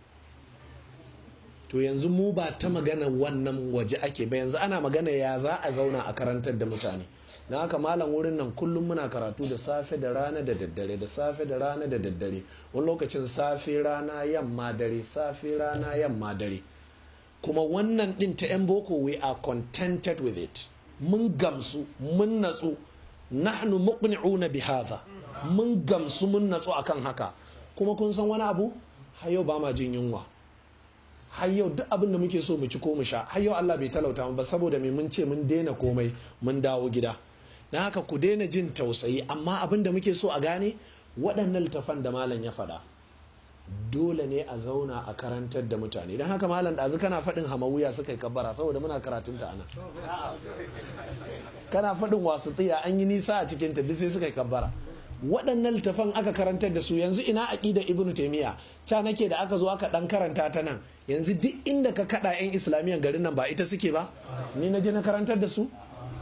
to yanzu mu ba ta magana wannan waje ake ba yanzu ana magana ya za a zauna a karantar da mutane na haka malam wurin nan kullum muna karatu da safe da rana da daddare da safe da rana da daddare wani lokacin safe rana yamma dare safe rana yamma dare kuma wannan din ta yan boko we are contented with it mun gamsu mun natsu nahnu muqni'una na mun gamsu mun natsu akan haka kuma kun san wani abu har yau ba ma jin yunwa har yau duk abin da muke so mu ci ko mu sha har yau Allah bai talauta mu ba saboda me mun ce mun daina komai mun dawo gida na haka ku daina jin tausayi amma abin da muke so a gane waɗannan littafan da malam ya faɗa dole ne a zauna a karantar da mutane don haka malam ɗazu kana faɗin hamawuya suka yi kabbara saboda muna karatun ta ana kana faɗin wasu tsiya an yi nisa a cikinta duk sai suka yi kabbara waɗannan littafan aka karantar da su yanzu ina aƙida ibn taimiyya ta nake da aka zo aka ɗan karanta ta nan yanzu duk inda ka kaɗa 'yan islamiyyar garin nan ba ita suke ba ni na je na karantar da su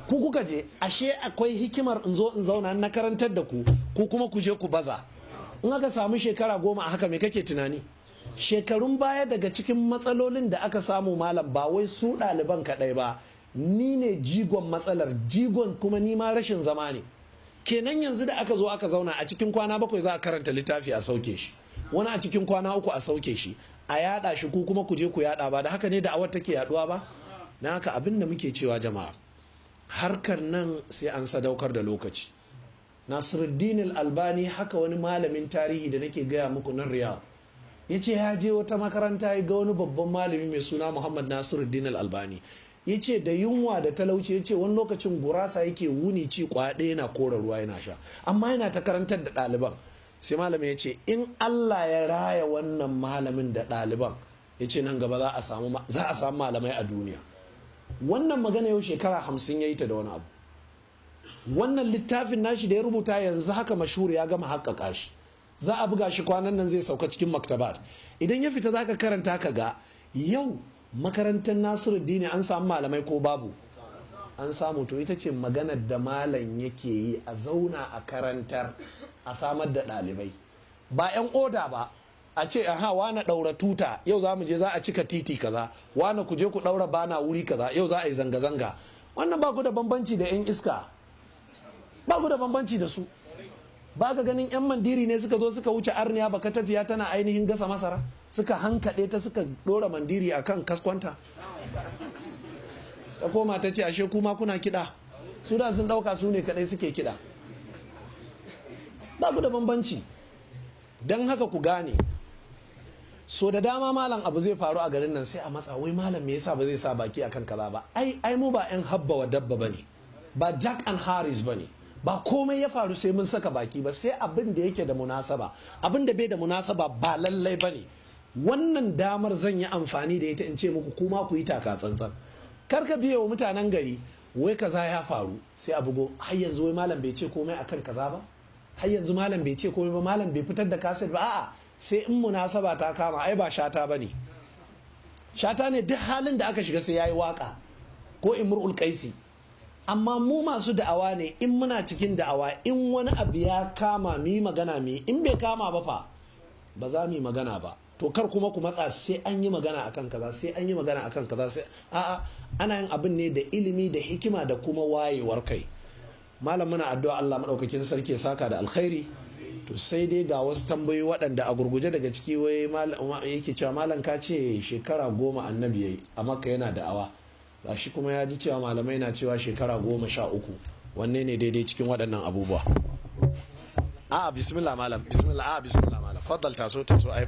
ku kuka je ashe akwai hikimar in zo in zauna na karantar da ku ku kuma ku je ku baza in aka samu shekara goma a haka me kake tunani shekarun baya daga cikin matsalolin da aka samu malam ba wai su ɗaliban kaɗai ba ni ne jigon matsalar jigon kuma ni ma rashin zama ne kenan yanzu da aka zo aka zauna a cikin kwana bakwai za a karanta littafi a sauke shi wani a cikin kwana uku a sauke shi a yada shi ku kuma ku je ku yada ba da haka ne da awar take yaduwa ba na haka abin da muke cewa jama'a harkar nan sai an sadaukar da lokaci nasiruddin albani haka wani malamin tarihi da nake gaya muku nan riyal ya ce ya je wata makaranta ya ga wani babban malami mai suna muhammad nasiruddin albani ya ce da yunwa da talauci ya ce wani lokacin gurasa yake wuni ci kwaɗe yana kora ruwa yana sha amma yana ta karantar da ɗaliban sai malamin ya ce in allah ya raya wannan malamin da ɗaliban ya ce nan gaba za a samu malamai a duniya wannan magana yau shekara hamsin ya yi ta da wani abu wannan littafin nashi da ya rubuta yanzu haka mashuri ya gama haƙaƙa shi za a buga shi kwanan nan zai sauka cikin maktabat idan ya fita za ka karanta ka ga yau makarantar Nasiru nasiruddini an samu malamai ko babu an samu to ita ce maganar da malam yake yi a zauna a karantar a samar da ɗalibai ba 'yan oda ba a ce aha wana ɗaura tuta yau za mu je za a cika titi kaza wana ku je ku ɗaura bana wuri kaza yau za a yi zanga-zanga wannan ba ku da bambanci da 'yan iska ba ku da bambanci da su ba ganin yan mandiri ne suka zo suka wuce arniya baka tafiya tana ainihin gasa masara suka hankaɗe ta suka ɗora mandiri a kan kaskwanta ta koma ta ce ashe kuma kuna kiɗa su da sun ɗauka su ne kaɗai suke kiɗa ba ku da bambanci don haka ku gane so da dama malam abu zai faru a garin nan sai a matsa wai malam me yasa ba zai sa baki akan kaza ba ai mu ba yan habbawa dabba bane ba jack and harris bane ba komai ya faru sai mun saka baki ba sai abin da yake da munasaba abin da bai da munasaba ba lallai ba ne wannan damar zan yi amfani da ita in ce muku kuma ku yi taka tsantsan kar ka biye wa mutanen gari wai kaza ya faru sai a bugo har yanzu wai malam bai ce komai akan kaza ba har yanzu malam bai ce komai ba malam bai fitar da kaset ba a'a sai in munasaba ta kama ai ba shata bane shata ne duk halin da aka shiga sai yayi waka ko imrul qaisi amma mu masu da'awa ne in muna cikin da'awa in wani abu ya kama mi magana mi in bai kama ba fa ba za mu yi magana ba to kar kuma ku matsa sai an yi magana akan kaza sai an yi magana akan kaza sai a'a ana yin abin ne da ilimi da hikima da kuma wayewar kai malam muna addu'a Allah madaukakin sarki saka da alkhairi to sai dai ga wasu tambayoyi waɗanda a gurguje daga ciki wai yake cewa malam ka ce shekara goma annabi yayi a makka yana da'awa shi kuma ya ji cewa malamai na cewa shekara goma sha uku wanne ne daidai cikin waɗannan abubuwa a bismillah malam bismillah a bismillah malam faddal taso taso ai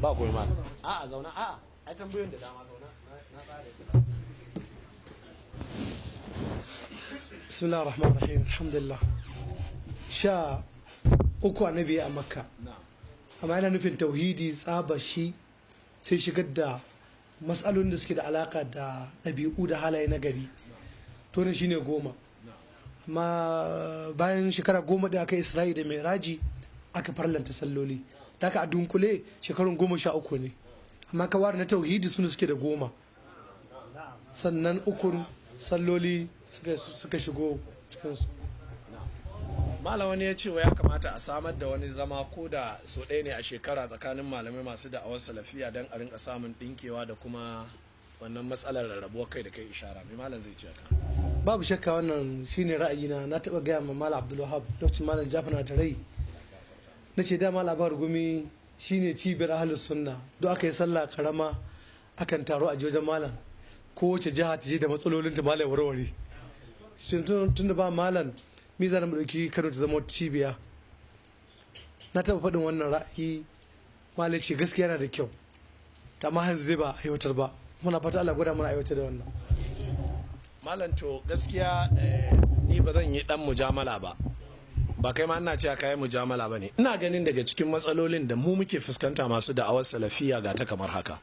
ba koyi malam a a zauna a ai tambayoyin da dama zauna na tsare bismillah rahman rahim alhamdulillah sha uku annabi a makka amma yana nufin tauhidi tsabashi shi sai shigar da matsalolin da suke da alaka da ɗabi'u da halaye na gari to ne shine goma amma bayan shekara goma da aka isra'i da mai raji aka farlanta salloli da aka a dunkule shekarun goma sha uku ne amma ka ware na tauhidi suna suke da goma sannan ukun salloli suka shigo cikinsu malam wani ya ce wa ya kamata a samar da wani zama ko da so ɗaya ne a shekara tsakanin malamai masu da'awar salafiya don a rinka samun ɗinkewa da kuma wannan matsalar rarrabuwa kai da kai ishara mai malam zai ce babu shakka wannan shine ra'ayina na taɓa gaya ma malam abdulwahab lokacin malam jafana da rai na ce dama labar gumi shine cibiyar ahalus sunna duk aka yi sallah karama akan taro a jojen malam kowace jiha ta je da matsalolin ta malam warware ba malam mi za mu kano ta zama cibiya na taɓa faɗin wannan ra'ayi malai ce gaskiya yana da kyau amma hanzu zai ba aiwatar ba muna fata Allah gwada muna aiwatar da wannan malam to gaskiya eh, ni ba zan yi dan mujamala ba ba kai ma ina cewa kayan mujamala ba ne ina ganin daga cikin matsalolin da mu muke fuskanta masu da'awar salafiya ga ta kamar haka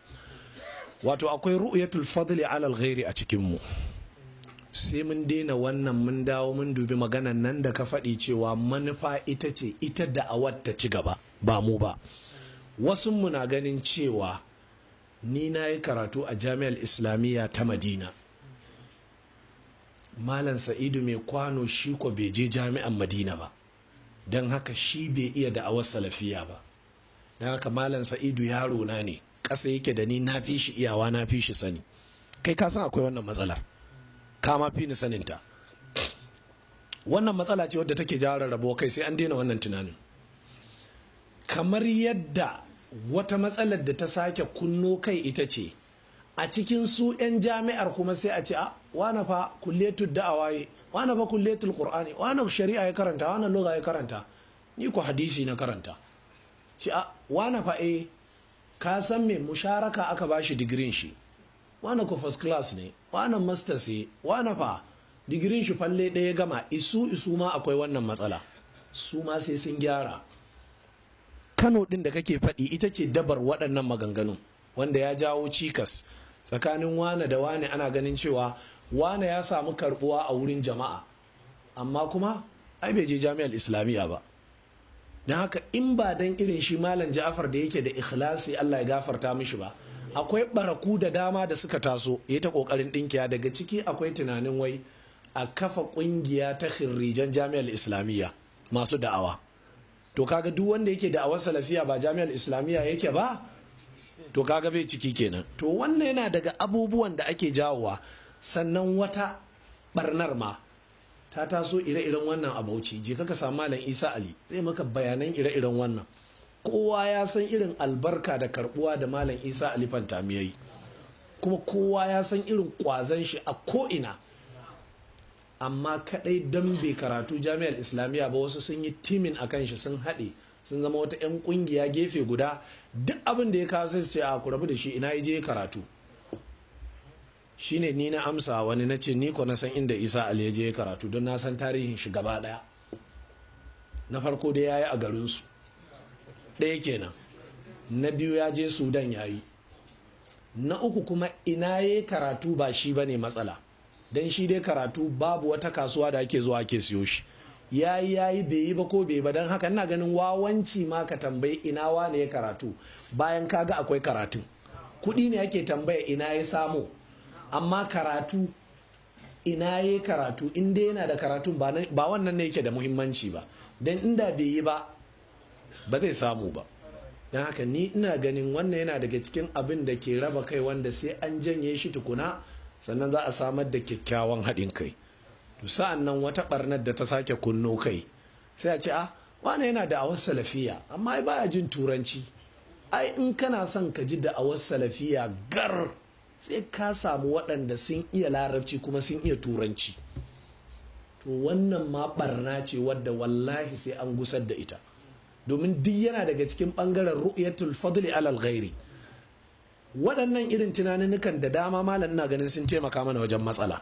wato akwai ru'yatul fadli alal ghairi a cikin mu sai mun daina wannan mun dawo mun dubi maganan nan da ka faɗi cewa manufa ita ce ita da awar ta ci gaba ba mu ba wasu muna ganin cewa ni na yi karatu a jami'ar islamiyya ta madina malam sa'idu mai kwano shi ko bai je jami'an madina ba don haka shi bai iya da awar salafiya ba don haka malam sa'idu yaro na ne ƙasa yake da ni na fi shi iyawa na fi shi sani kai ka san akwai wannan matsalar kama fi ni saninta wannan matsala ce wadda take jawo rabo kai sai an daina wannan tunanin kamar yadda wata matsalar da ta sake kunno kai ita ce a cikin su 'yan jami'ar kuma sai a ce a ah, wana fa kulletul da'awa yi wana fa kulletul qur'ani wana shari'a ya karanta wana lugha ya karanta ni ku hadisi na karanta ci a ah, wana fa eh ka san me musharaka aka bashi digirin shi wane ko first class ne wane masters ne wane fa digirin shi falle ɗaya gama isu isu ma akwai wannan matsala su ma sai sun gyara kano ɗin da kake faɗi ita ce dabar waɗannan maganganu wanda ya jawo cikas tsakanin wane da wane ana ganin cewa wane ya samu karɓuwa a wurin jama'a amma kuma ai bai je jami'ar islamiyya ba don haka in ba dan irin shi malam ja'afar da yake da ikhlasi allah ya gafarta mishi ba akwai baraku da dama da suka taso ya ta kokarin dinkiya daga ciki akwai tunanin wai a kafa kungiya ta hirrijan jami'ar islamiyya masu da'awa to kaga duk wanda yake da'awar salafiya ba jami'ar islamiyya yake ba to kaga bai ciki kenan to wannan yana daga abubuwan da ake jawowa sannan wata barnar ma ta taso ire-iren wannan a bauchi je ka samu malam isa ali zai maka bayanan ire-iren wannan kowa ya san irin albarka da karbuwa da malam isa alifan miyayi, kuma kowa ya san irin kwazon shi a ko'ina amma kadai don bai karatu jami'ar islamiyya ba wasu sun yi timin a kan shi sun haɗe sun zama wata 'yan kungiya gefe guda duk abin da ya kawo sai su ce a kurabu da shi ina je karatu shine ni na amsa wani na ce niko ko na san inda isa ali ya je karatu don na san tarihin shi gaba daya na farko da ya yi a garinsu ɗaya kenan na biyu ya je sudan ya yi na uku kuma ina ya karatu ba shi ba ne matsala don shi dai karatu babu wata kasuwa da ake zuwa ke siyo shi ya yi ya yi bai yi ba ko bai ba don haka ina ganin wawanci ma ka tambayi ina wa ne ya karatu bayan kaga akwai karatu? kuɗi ne ake tambaya ina ya samo amma karatu ina ya karatu inda yana da karatun ba wannan ne yake da muhimmanci ba don inda bai yi ba ba zai samu ba don haka ni ina ganin wannan yana daga cikin abin da ke raba kai wanda sai an janye shi tukuna sannan za a samar da kyakkyawan haɗin kai to sa'an nan wata ɓarnar da ta sake kunno kai sai a ce a ah, wani yana da awar salafiya amma ai baya jin turanci ai in kana son ka ji da awar salafiya gar sai ka samu waɗanda sun iya larabci kuma sun iya turanci to wannan ma ɓarna ce wadda wallahi sai an gusar da ita domin duk yana daga cikin bangaren ru'yatul fadli alal ghairi waɗannan irin tunanin da dama malam Ina ganin sun taimaka mana wajen matsala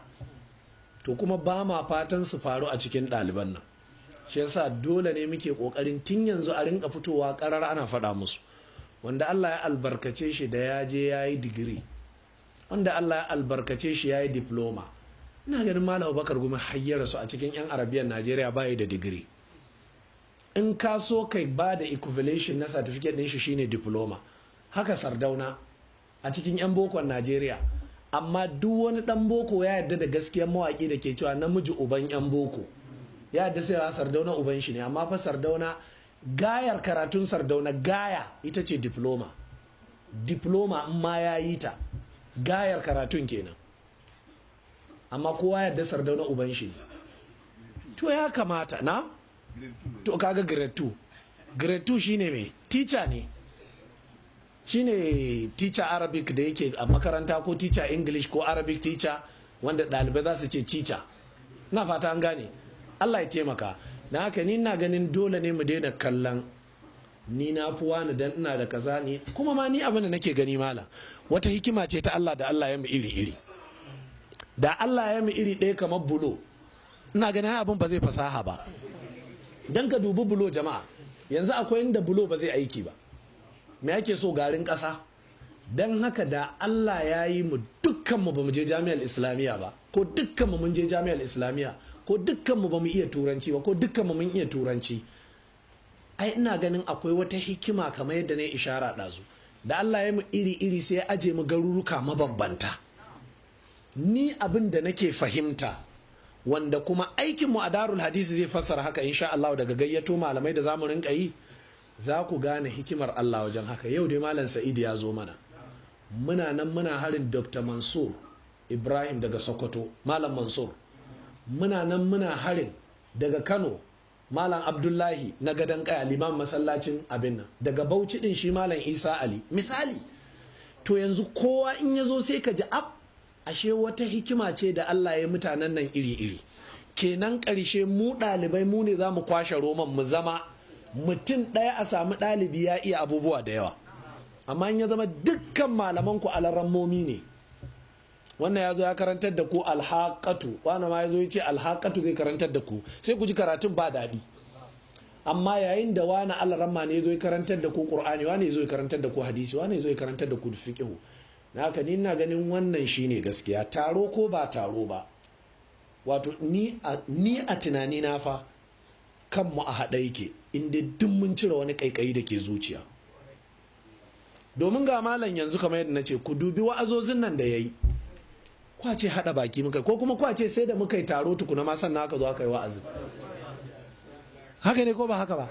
to kuma ba ma fatan su faru a cikin ɗaliban nan shi yasa dole ne muke ƙoƙarin tun yanzu a rinka fitowa ƙarar ana faɗa musu wanda Allah ya albarkace shi da ya je ya yi digiri wanda Allah ya albarkace shi ya yi diploma ina ganin malam Bakar gumi su a cikin 'yan arabiyan najeriya bayi da digiri in ka so kai ba da equivalation na certificate din shi shine diploma haka sardauna a cikin 'yan bokon najeriya amma duk wani dan boko ya yadda da gaskiyar mawaƙi da ke cewa namiji uban 'yan boko ya yadda sai sardauna uban shi ne amma fa sardauna gayar karatun sardauna gaya ita ce diploma diploma in ma ya yi ta gayar karatun kenan amma kowa yadda sardauna uban shi ne to ya kamata na to kaga grade 2 grade 2 shine me teacher ne shine teacher arabic da yake a makaranta ko teacher english ko arabic teacher wanda ɗalibai za su ce teacher na fata an gane allah ya taimaka na haka ni na ganin dole ne mu daina kallon ni na fi wani dan ina da kaza ne kuma ma ni abin da nake gani malam wata hikima ce ta allah da allah ya mu iri iri da allah ya mu iri ɗaya kamar bulo ina ganin abin ba zai fasaha ba don ka dubi bulo jama'a yanzu akwai inda bulo ba zai aiki ba me ake so garin ƙasa don haka da Allah ya yi mu dukkanmu ba mu je jami'ar islamiyya ba ko dukkanmu mun je jami'ar islamiyya ko dukkanmu ba mu iya turanci ba ko dukkanmu mun iya turanci ai ina ganin akwai wata hikima kamar yadda na ishara ɗazu da Allah ya mu iri-iri sai ya aje mu garuruka mabambanta ni abin da nake fahimta wanda kuma aikin mu a darul hadisi zai fassara haka insha Allah daga gayyato malamai da zamu rinka yi za ku gane hikimar Allah wajen haka yau dai malam Sa'id ya zo mana muna nan muna harin Dr. Mansur Ibrahim daga Sokoto malam Mansur muna nan muna harin daga Kano malam Abdullahi na gadan kaya liman masallacin abin nan daga Bauchi din shi malam Isa Ali misali to yanzu kowa in ya zo sai ka ji ashe wata hikima ce da Allah ya mutanen nan iri-iri kenan ƙarshe mu ɗalibai mu ne za mu kwashe roman mu zama mutum ɗaya a samu ɗalibi ya iya abubuwa da yawa amma in ya zama dukkan malaman ku alarammomi ne wannan ya zo ya karantar da ku alhaƙatu wani ma ya zo ya ce alhaƙatu zai karantar da ku sai ku ji karatun ba daɗi amma yayin da wani alaramma ne ya zo ya karantar da ku ƙur'ani wani ya zo ya karantar da ku hadisi wani ya zo ya karantar da ku fiƙihu na haka ni ina ganin wannan shine gaskiya taro ko ba taro ba wato ni a tunani na fa kanmu a haɗa yake inda duk mun cire wani ƙaiƙayi da ke zuciya domin ga malam yanzu kamar yadda na ce ku dubi wa'azozin nan da ya yi kwace haɗa baki muka ko kuma kwace sai da muka yi taro tukuna ma sannan aka zo aka yi wa'azin haka ne ko ba haka ba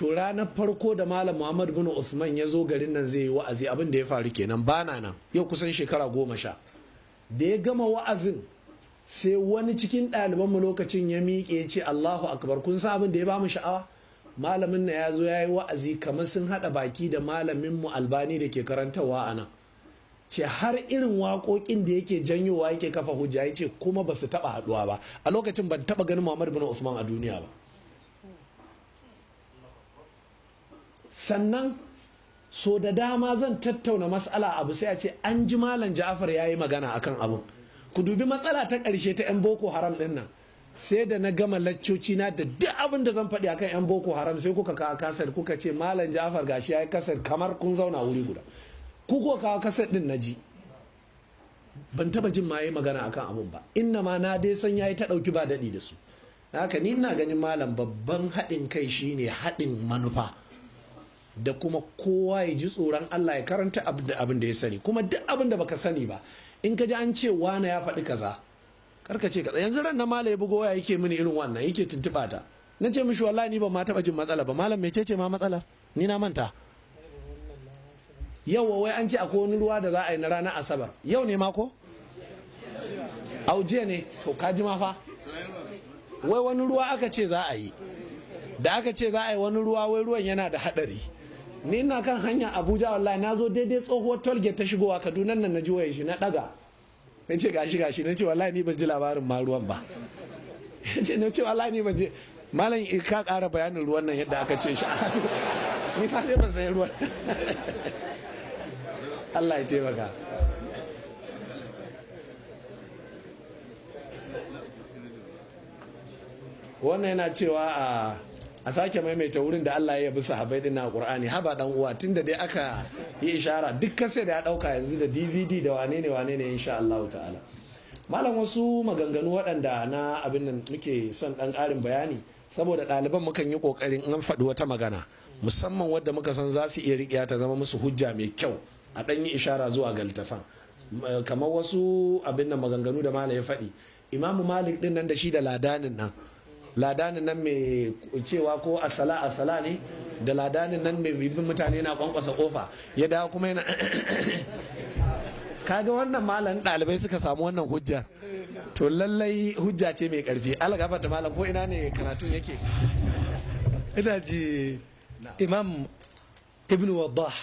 to ranar farko da malam muhammad bin usman ya zo garin nan zai yi wa'azi abin da ya faru kenan bana nan yau kusan shekara goma sha da ya gama wa'azin sai wani cikin ɗalibanmu lokacin ya miƙe ce allahu akbar kun sa abin da ya bamu sha'awa malamin na ya zo ya yi wa'azi kamar sun haɗa baki da malamin mu albani da ke karantarwa a nan ce har irin waƙoƙin da yake janyowa yake kafa hujja ya ce kuma ba su taɓa haɗuwa ba a lokacin ban taɓa ganin muhammad bin usman a duniya ba sannan so da dama zan tattauna matsala abu sai a ce an ji malam ja'afar ya yi magana akan abin ku dubi matsala ta ƙarshe ta 'yan boko haram ɗin nan sai da na gama laccoci na da duk abin da zan faɗi akan 'yan boko haram sai kuka kawo kasar kuka ce malam ja'afar gashi ya yi kasar kamar kun zauna wuri guda ku kawo kasar ɗin na ji ban taba jin ma yi magana akan abin ba inna ma na dai san yi ta ɗauki ba daɗi da su haka ni ina ganin malam babban haɗin kai shine haɗin manufa da kuma kowa ya ji tsoron Allah ya karanta abin da ya sani kuma duk abin da baka sani ba in ka ji an ce wane ya faɗi kaza karka ce kaza yanzu ran na malam ya bugo waya yake mini irin wannan yake tuntuɓa ta na ce mishi wallahi ni ba ma taɓa jin matsala ba malam mece ce ma matsalar ni na manta yau wai an ce akwai wani ruwa da za a yi na ranar asabar yau ne mako auje ne to ji ma fa wai wani ruwa aka ce za a yi da aka ce za a yi wani ruwa wai ruwan yana da haɗari ni na kan hanya abuja wallahi na zo daidai tsohuwar tolgate ta shigowa kaduna nan na ji shi na daga na ce gashi gashi na ce wallahi ni ban ji labarin ma ruwan ba na ce wallahi ni ban ji malam eh, ka kara bayanin ruwan nan yadda aka ce shi ni fa sai ban sayi ruwan Allah ya taimaka wannan yana cewa a ah, a sake maimaita wurin da Allah ya yabi sahabbai din na Qur'ani haba dan uwa tunda dai aka yi ishara duk kase da ya dauka yanzu da DVD da wane ne wane ne insha Allah ta'ala malam wasu maganganu waɗanda na abin nan muke son dan ƙarin bayani saboda ɗaliban mukan yi ƙoƙarin an faɗi wata magana musamman wadda muka san za su iya riƙiya ta zama musu hujja mai kyau a ɗan yi ishara zuwa ga littafan kamar wasu abin nan maganganu da malam ya faɗi imamu malik ɗin nan da shi da ladanin nan ladanin nan mai cewa ko asala asala ne da ladanin nan mai bibin mutane na kwankwasa kofa ya dawo kuma yana kaga wannan malan ɗalibai suka samu wannan hujjar to lallai hujja ce mai karfi algaba ta malam ko ina ne karatun yake ina ji imam ibn wadah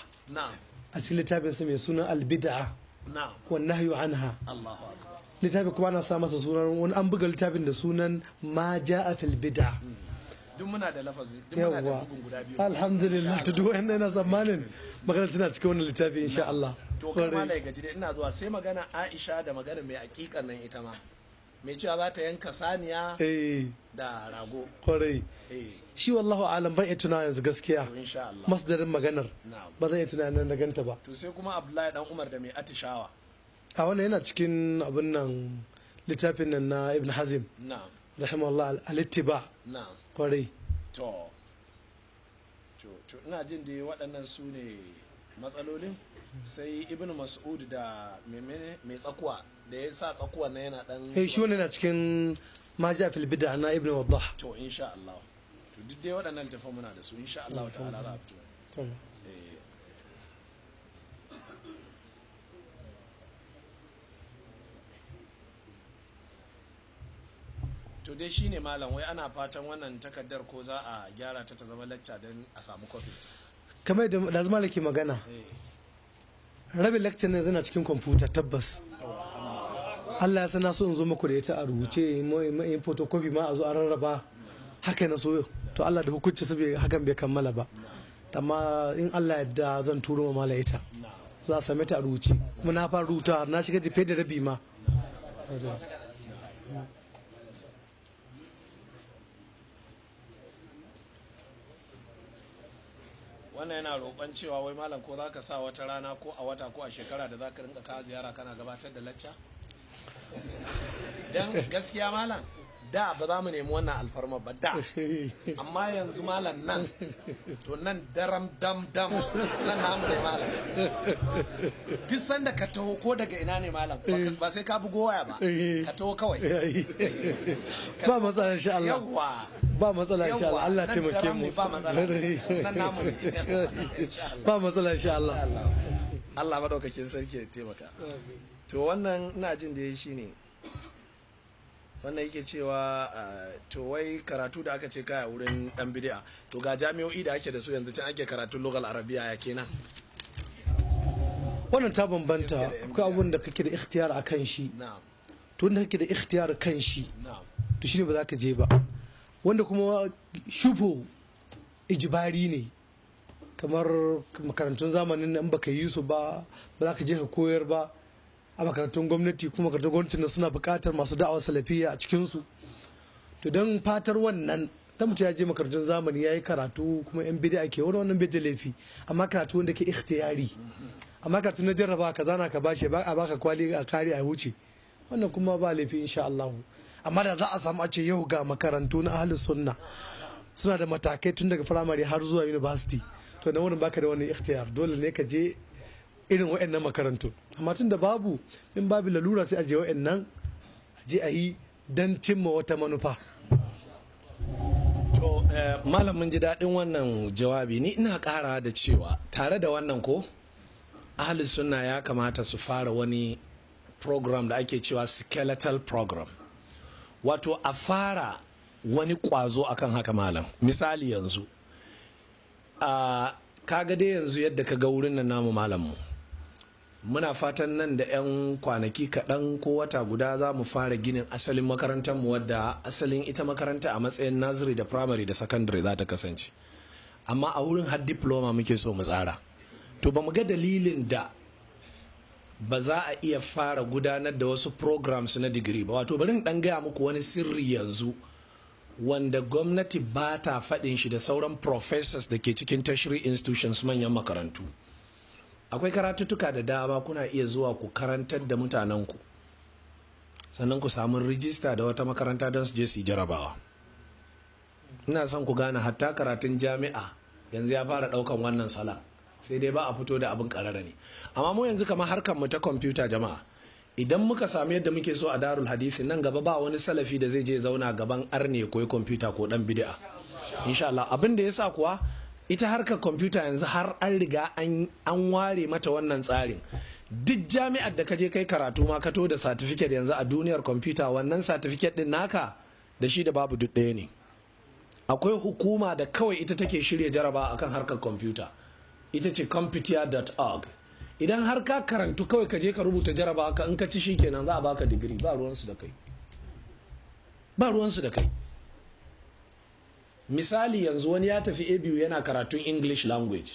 a cikin littafin su mai sunan albida wa nahyu anha littafi kuma ana sa masa sunan wani an buga littafin da sunan ma ja a filbida duk muna da lafazi duk muna da bugun guda biyu alhamdulillah to duk wannan ina tsammanin magana tana cikin wannan littafi insha Allah to kuma lai gaji dai ina zuwa sai magana Aisha da magana mai hakika nan ita ma mai cewa za ta yanka saniya eh. da rago kwarai eh. shi wallahu alam ban iya tuna yanzu gaskiya masdarin maganar ba zan iya tunanin da ganta ba to sai kuma Abdullahi dan Umar da mai atishawa a wannan yana cikin abin nan littafin nan na ibn hazim rahimahullah al-ittiba kwarai to to ina jin da waɗannan su ne matsalolin sai ibn mas'ud da mai tsakuwa da ya sa tsakuwa na yana dan eh shi wannan na cikin maja fil na ibn wadda to insha Allah to duk dai waɗannan muna da su insha Allah ta'ala za a fito to dai shine malam wai ana fatan wannan takardar ko za a gyara ta ta zama lacca don a samu kofi kamar da lazim ke magana eh. rabin lacca ne zana cikin kwamfuta tabbas Allah ya sana so in zo muku da ita a rubuce in photocopy ma a zo a rarraba haka na so to Allah da hukunci su hakan bai kammala ba amma in Allah yadda zan turo ma mala ita za a same ta a rubuce kuma na fara rubuta na shiga jefe da rabi ma wannan yana roƙon cewa wai malam ko za ka sa wata rana ko a wata ko a shekara da za ka rinka ka ziyara kana gabatar da lacca don gaskiya malam da ba za mu nemi wannan alfarma ba da amma yanzu malam nan to nan daram dam dam nan namu ne malam duk sanda ka taho ko daga ina ne malam ba sai ka bugo waya ba ka taho kawai ba matsala insha Allah yawa ba matsala insha Allah Allah taimake mu ba matsala nan na ne ba matsala insha Allah Allah madaukakin sarki ya taimaka to wannan ina jin da yayi shine wannan yake cewa ah, to wai karatu da aka ce kaya wurin dan bidiya to ga jami'o'i da ake da su yanzu can ake karatun lugal arabiya ya kenan wannan ta bambanta akwai abun da kake da ikhtiyar a kan shi to wanda kake da ikhtiyar kan shi to shine ba za ka je ba wanda kuma shufo ijibari ne kamar makarantun zamanin nan baka yi su ba ba za ka je ka koyar ba a makarantun gwamnati kuma makarantun gwamnati na suna buƙatar masu da'awar salafiya a cikinsu to don fatar wannan ta mutu ya je makarantun zamani ya yi karatu kuma yan bidi ake wani wannan bidi laifi amma karatu wanda ke ikhtiyari amma karatu na jarraba ka zana ka bashi ba a baka kwali a kari a wuce wannan kuma ba laifi insha Allah amma da za a samu a ce yau ga makarantu na ahli sunna suna da matakai tun daga firamare har zuwa university to na wurin baka da wani ikhtiyar dole ne ka je irin wa'annan makarantu amma tun da babu in babu lalura sai a je wa'annan a je a yi don cimma wata manufa to eh, malam mun ji daɗin wannan jawabi ni ina ƙara da cewa tare da wannan ko ahli sunna ya kamata su fara wani program da ake cewa skeletal program wato a fara wani kwazo akan haka malam misali yanzu a ah, kaga dai yanzu yadda ka ga wurin nan namu malamu muna fatan nan da 'yan kwanaki kaɗan ko wata guda za mu fara ginin asalin makarantar mu wadda asalin ita makaranta a matsayin naziri da primary da secondary za ta kasance amma a wurin har diploma muke so mu tsara to ba mu ga dalilin da ba za a iya fara gudanar da wasu programs na digiri ba wato bari dan gaya muku wani sirri yanzu wanda gwamnati ba ta faɗin shi da sauran professors da ke cikin tertiary institutions manyan makarantu akwai karatuttuka da dama kuna iya zuwa ku karantar da mutanenku sannan ku samu rijista da wata makaranta don su je su jarabawa ina son ku gane hatta karatun jami'a yanzu ya fara daukan wannan sala sai dai ba a fito da abin karara ne amma mu yanzu kamar harkar mu ta kwamfuta jama'a idan muka sami yadda muke so a darul hadisi nan gaba ba wani salafi da zai je zauna gaban arne ko kwamfuta ko dan bid'a insha Allah abin da yasa kuwa ita harkar kwamfuta yanzu har an riga an ware mata wannan tsarin duk jami'ar da ka je kai karatu ma ka to da satifiket yanzu a duniyar kwamfuta wannan satifiket din naka da shi da babu duk ɗaya ne akwai hukuma da kawai ita take shirya jaraba akan harkar kwamfuta ita ce org idan har ka karantu kawai ka je ka rubuta jaraba ka in ka ci shi za a baka digiri ba ruwansu da ba ruwansu da kai misali yanzu wani ya tafi abu yana karatun english language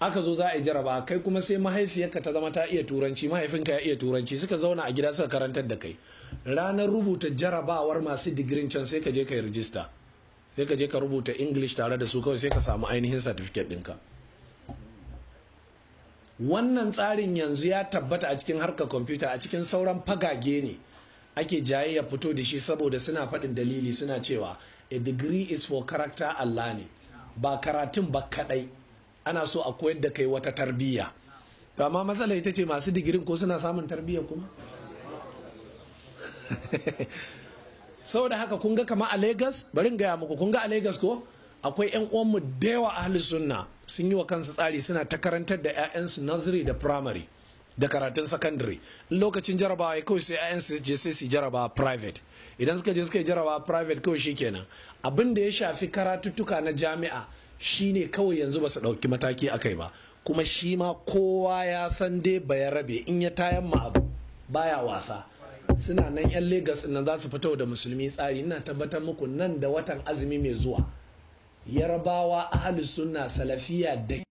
aka zo za a yi jaraba kai kuma sai mahaifiyarka ta zama ta iya turanci mahaifinka ya iya turanci suka zauna a gida suka karantar da kai ranar rubuta jarabawar masu digirin can sai ka je ka yi rijista sai ka je ka rubuta english tare da su kawai sai ka samu ainihin certificate ɗinka wannan tsarin yanzu ya tabbata a cikin harkar kwamfuta a cikin sauran fagage ne ake jaye ya fito da shi saboda suna faɗin dalili suna cewa a degree is for character Allah ne ba karatun ba kadai ana so a koyar da kai wata tarbiyya to amma matsala ita ce masu digirin ko suna samun tarbiyya kuma saboda haka kun ga kama a Lagos barin gaya muku kun ga a Lagos ko akwai yan uwanmu da yawa ahli sunna sun yi wa kansu tsari suna ta karantar da 'ya'yansu nursery da primary da karatun secondary lokacin jarabawa kawai sai 'ya'yansu je sai su jarabawa private idan suka je suka yi jarawa private kawai shi kenan abin da ya shafi karatuttuka na jami'a shine kawai yanzu ba su ɗauki mataki a kai ba kuma shi ma kowa ya san dai rabe in ya tayan ma abu baya wasa suna nan yan Legas nan za su fito da musulmi tsari ina tabbatar muku nan da watan azumi mai zuwa yarabawa ahalus sunna salafiya da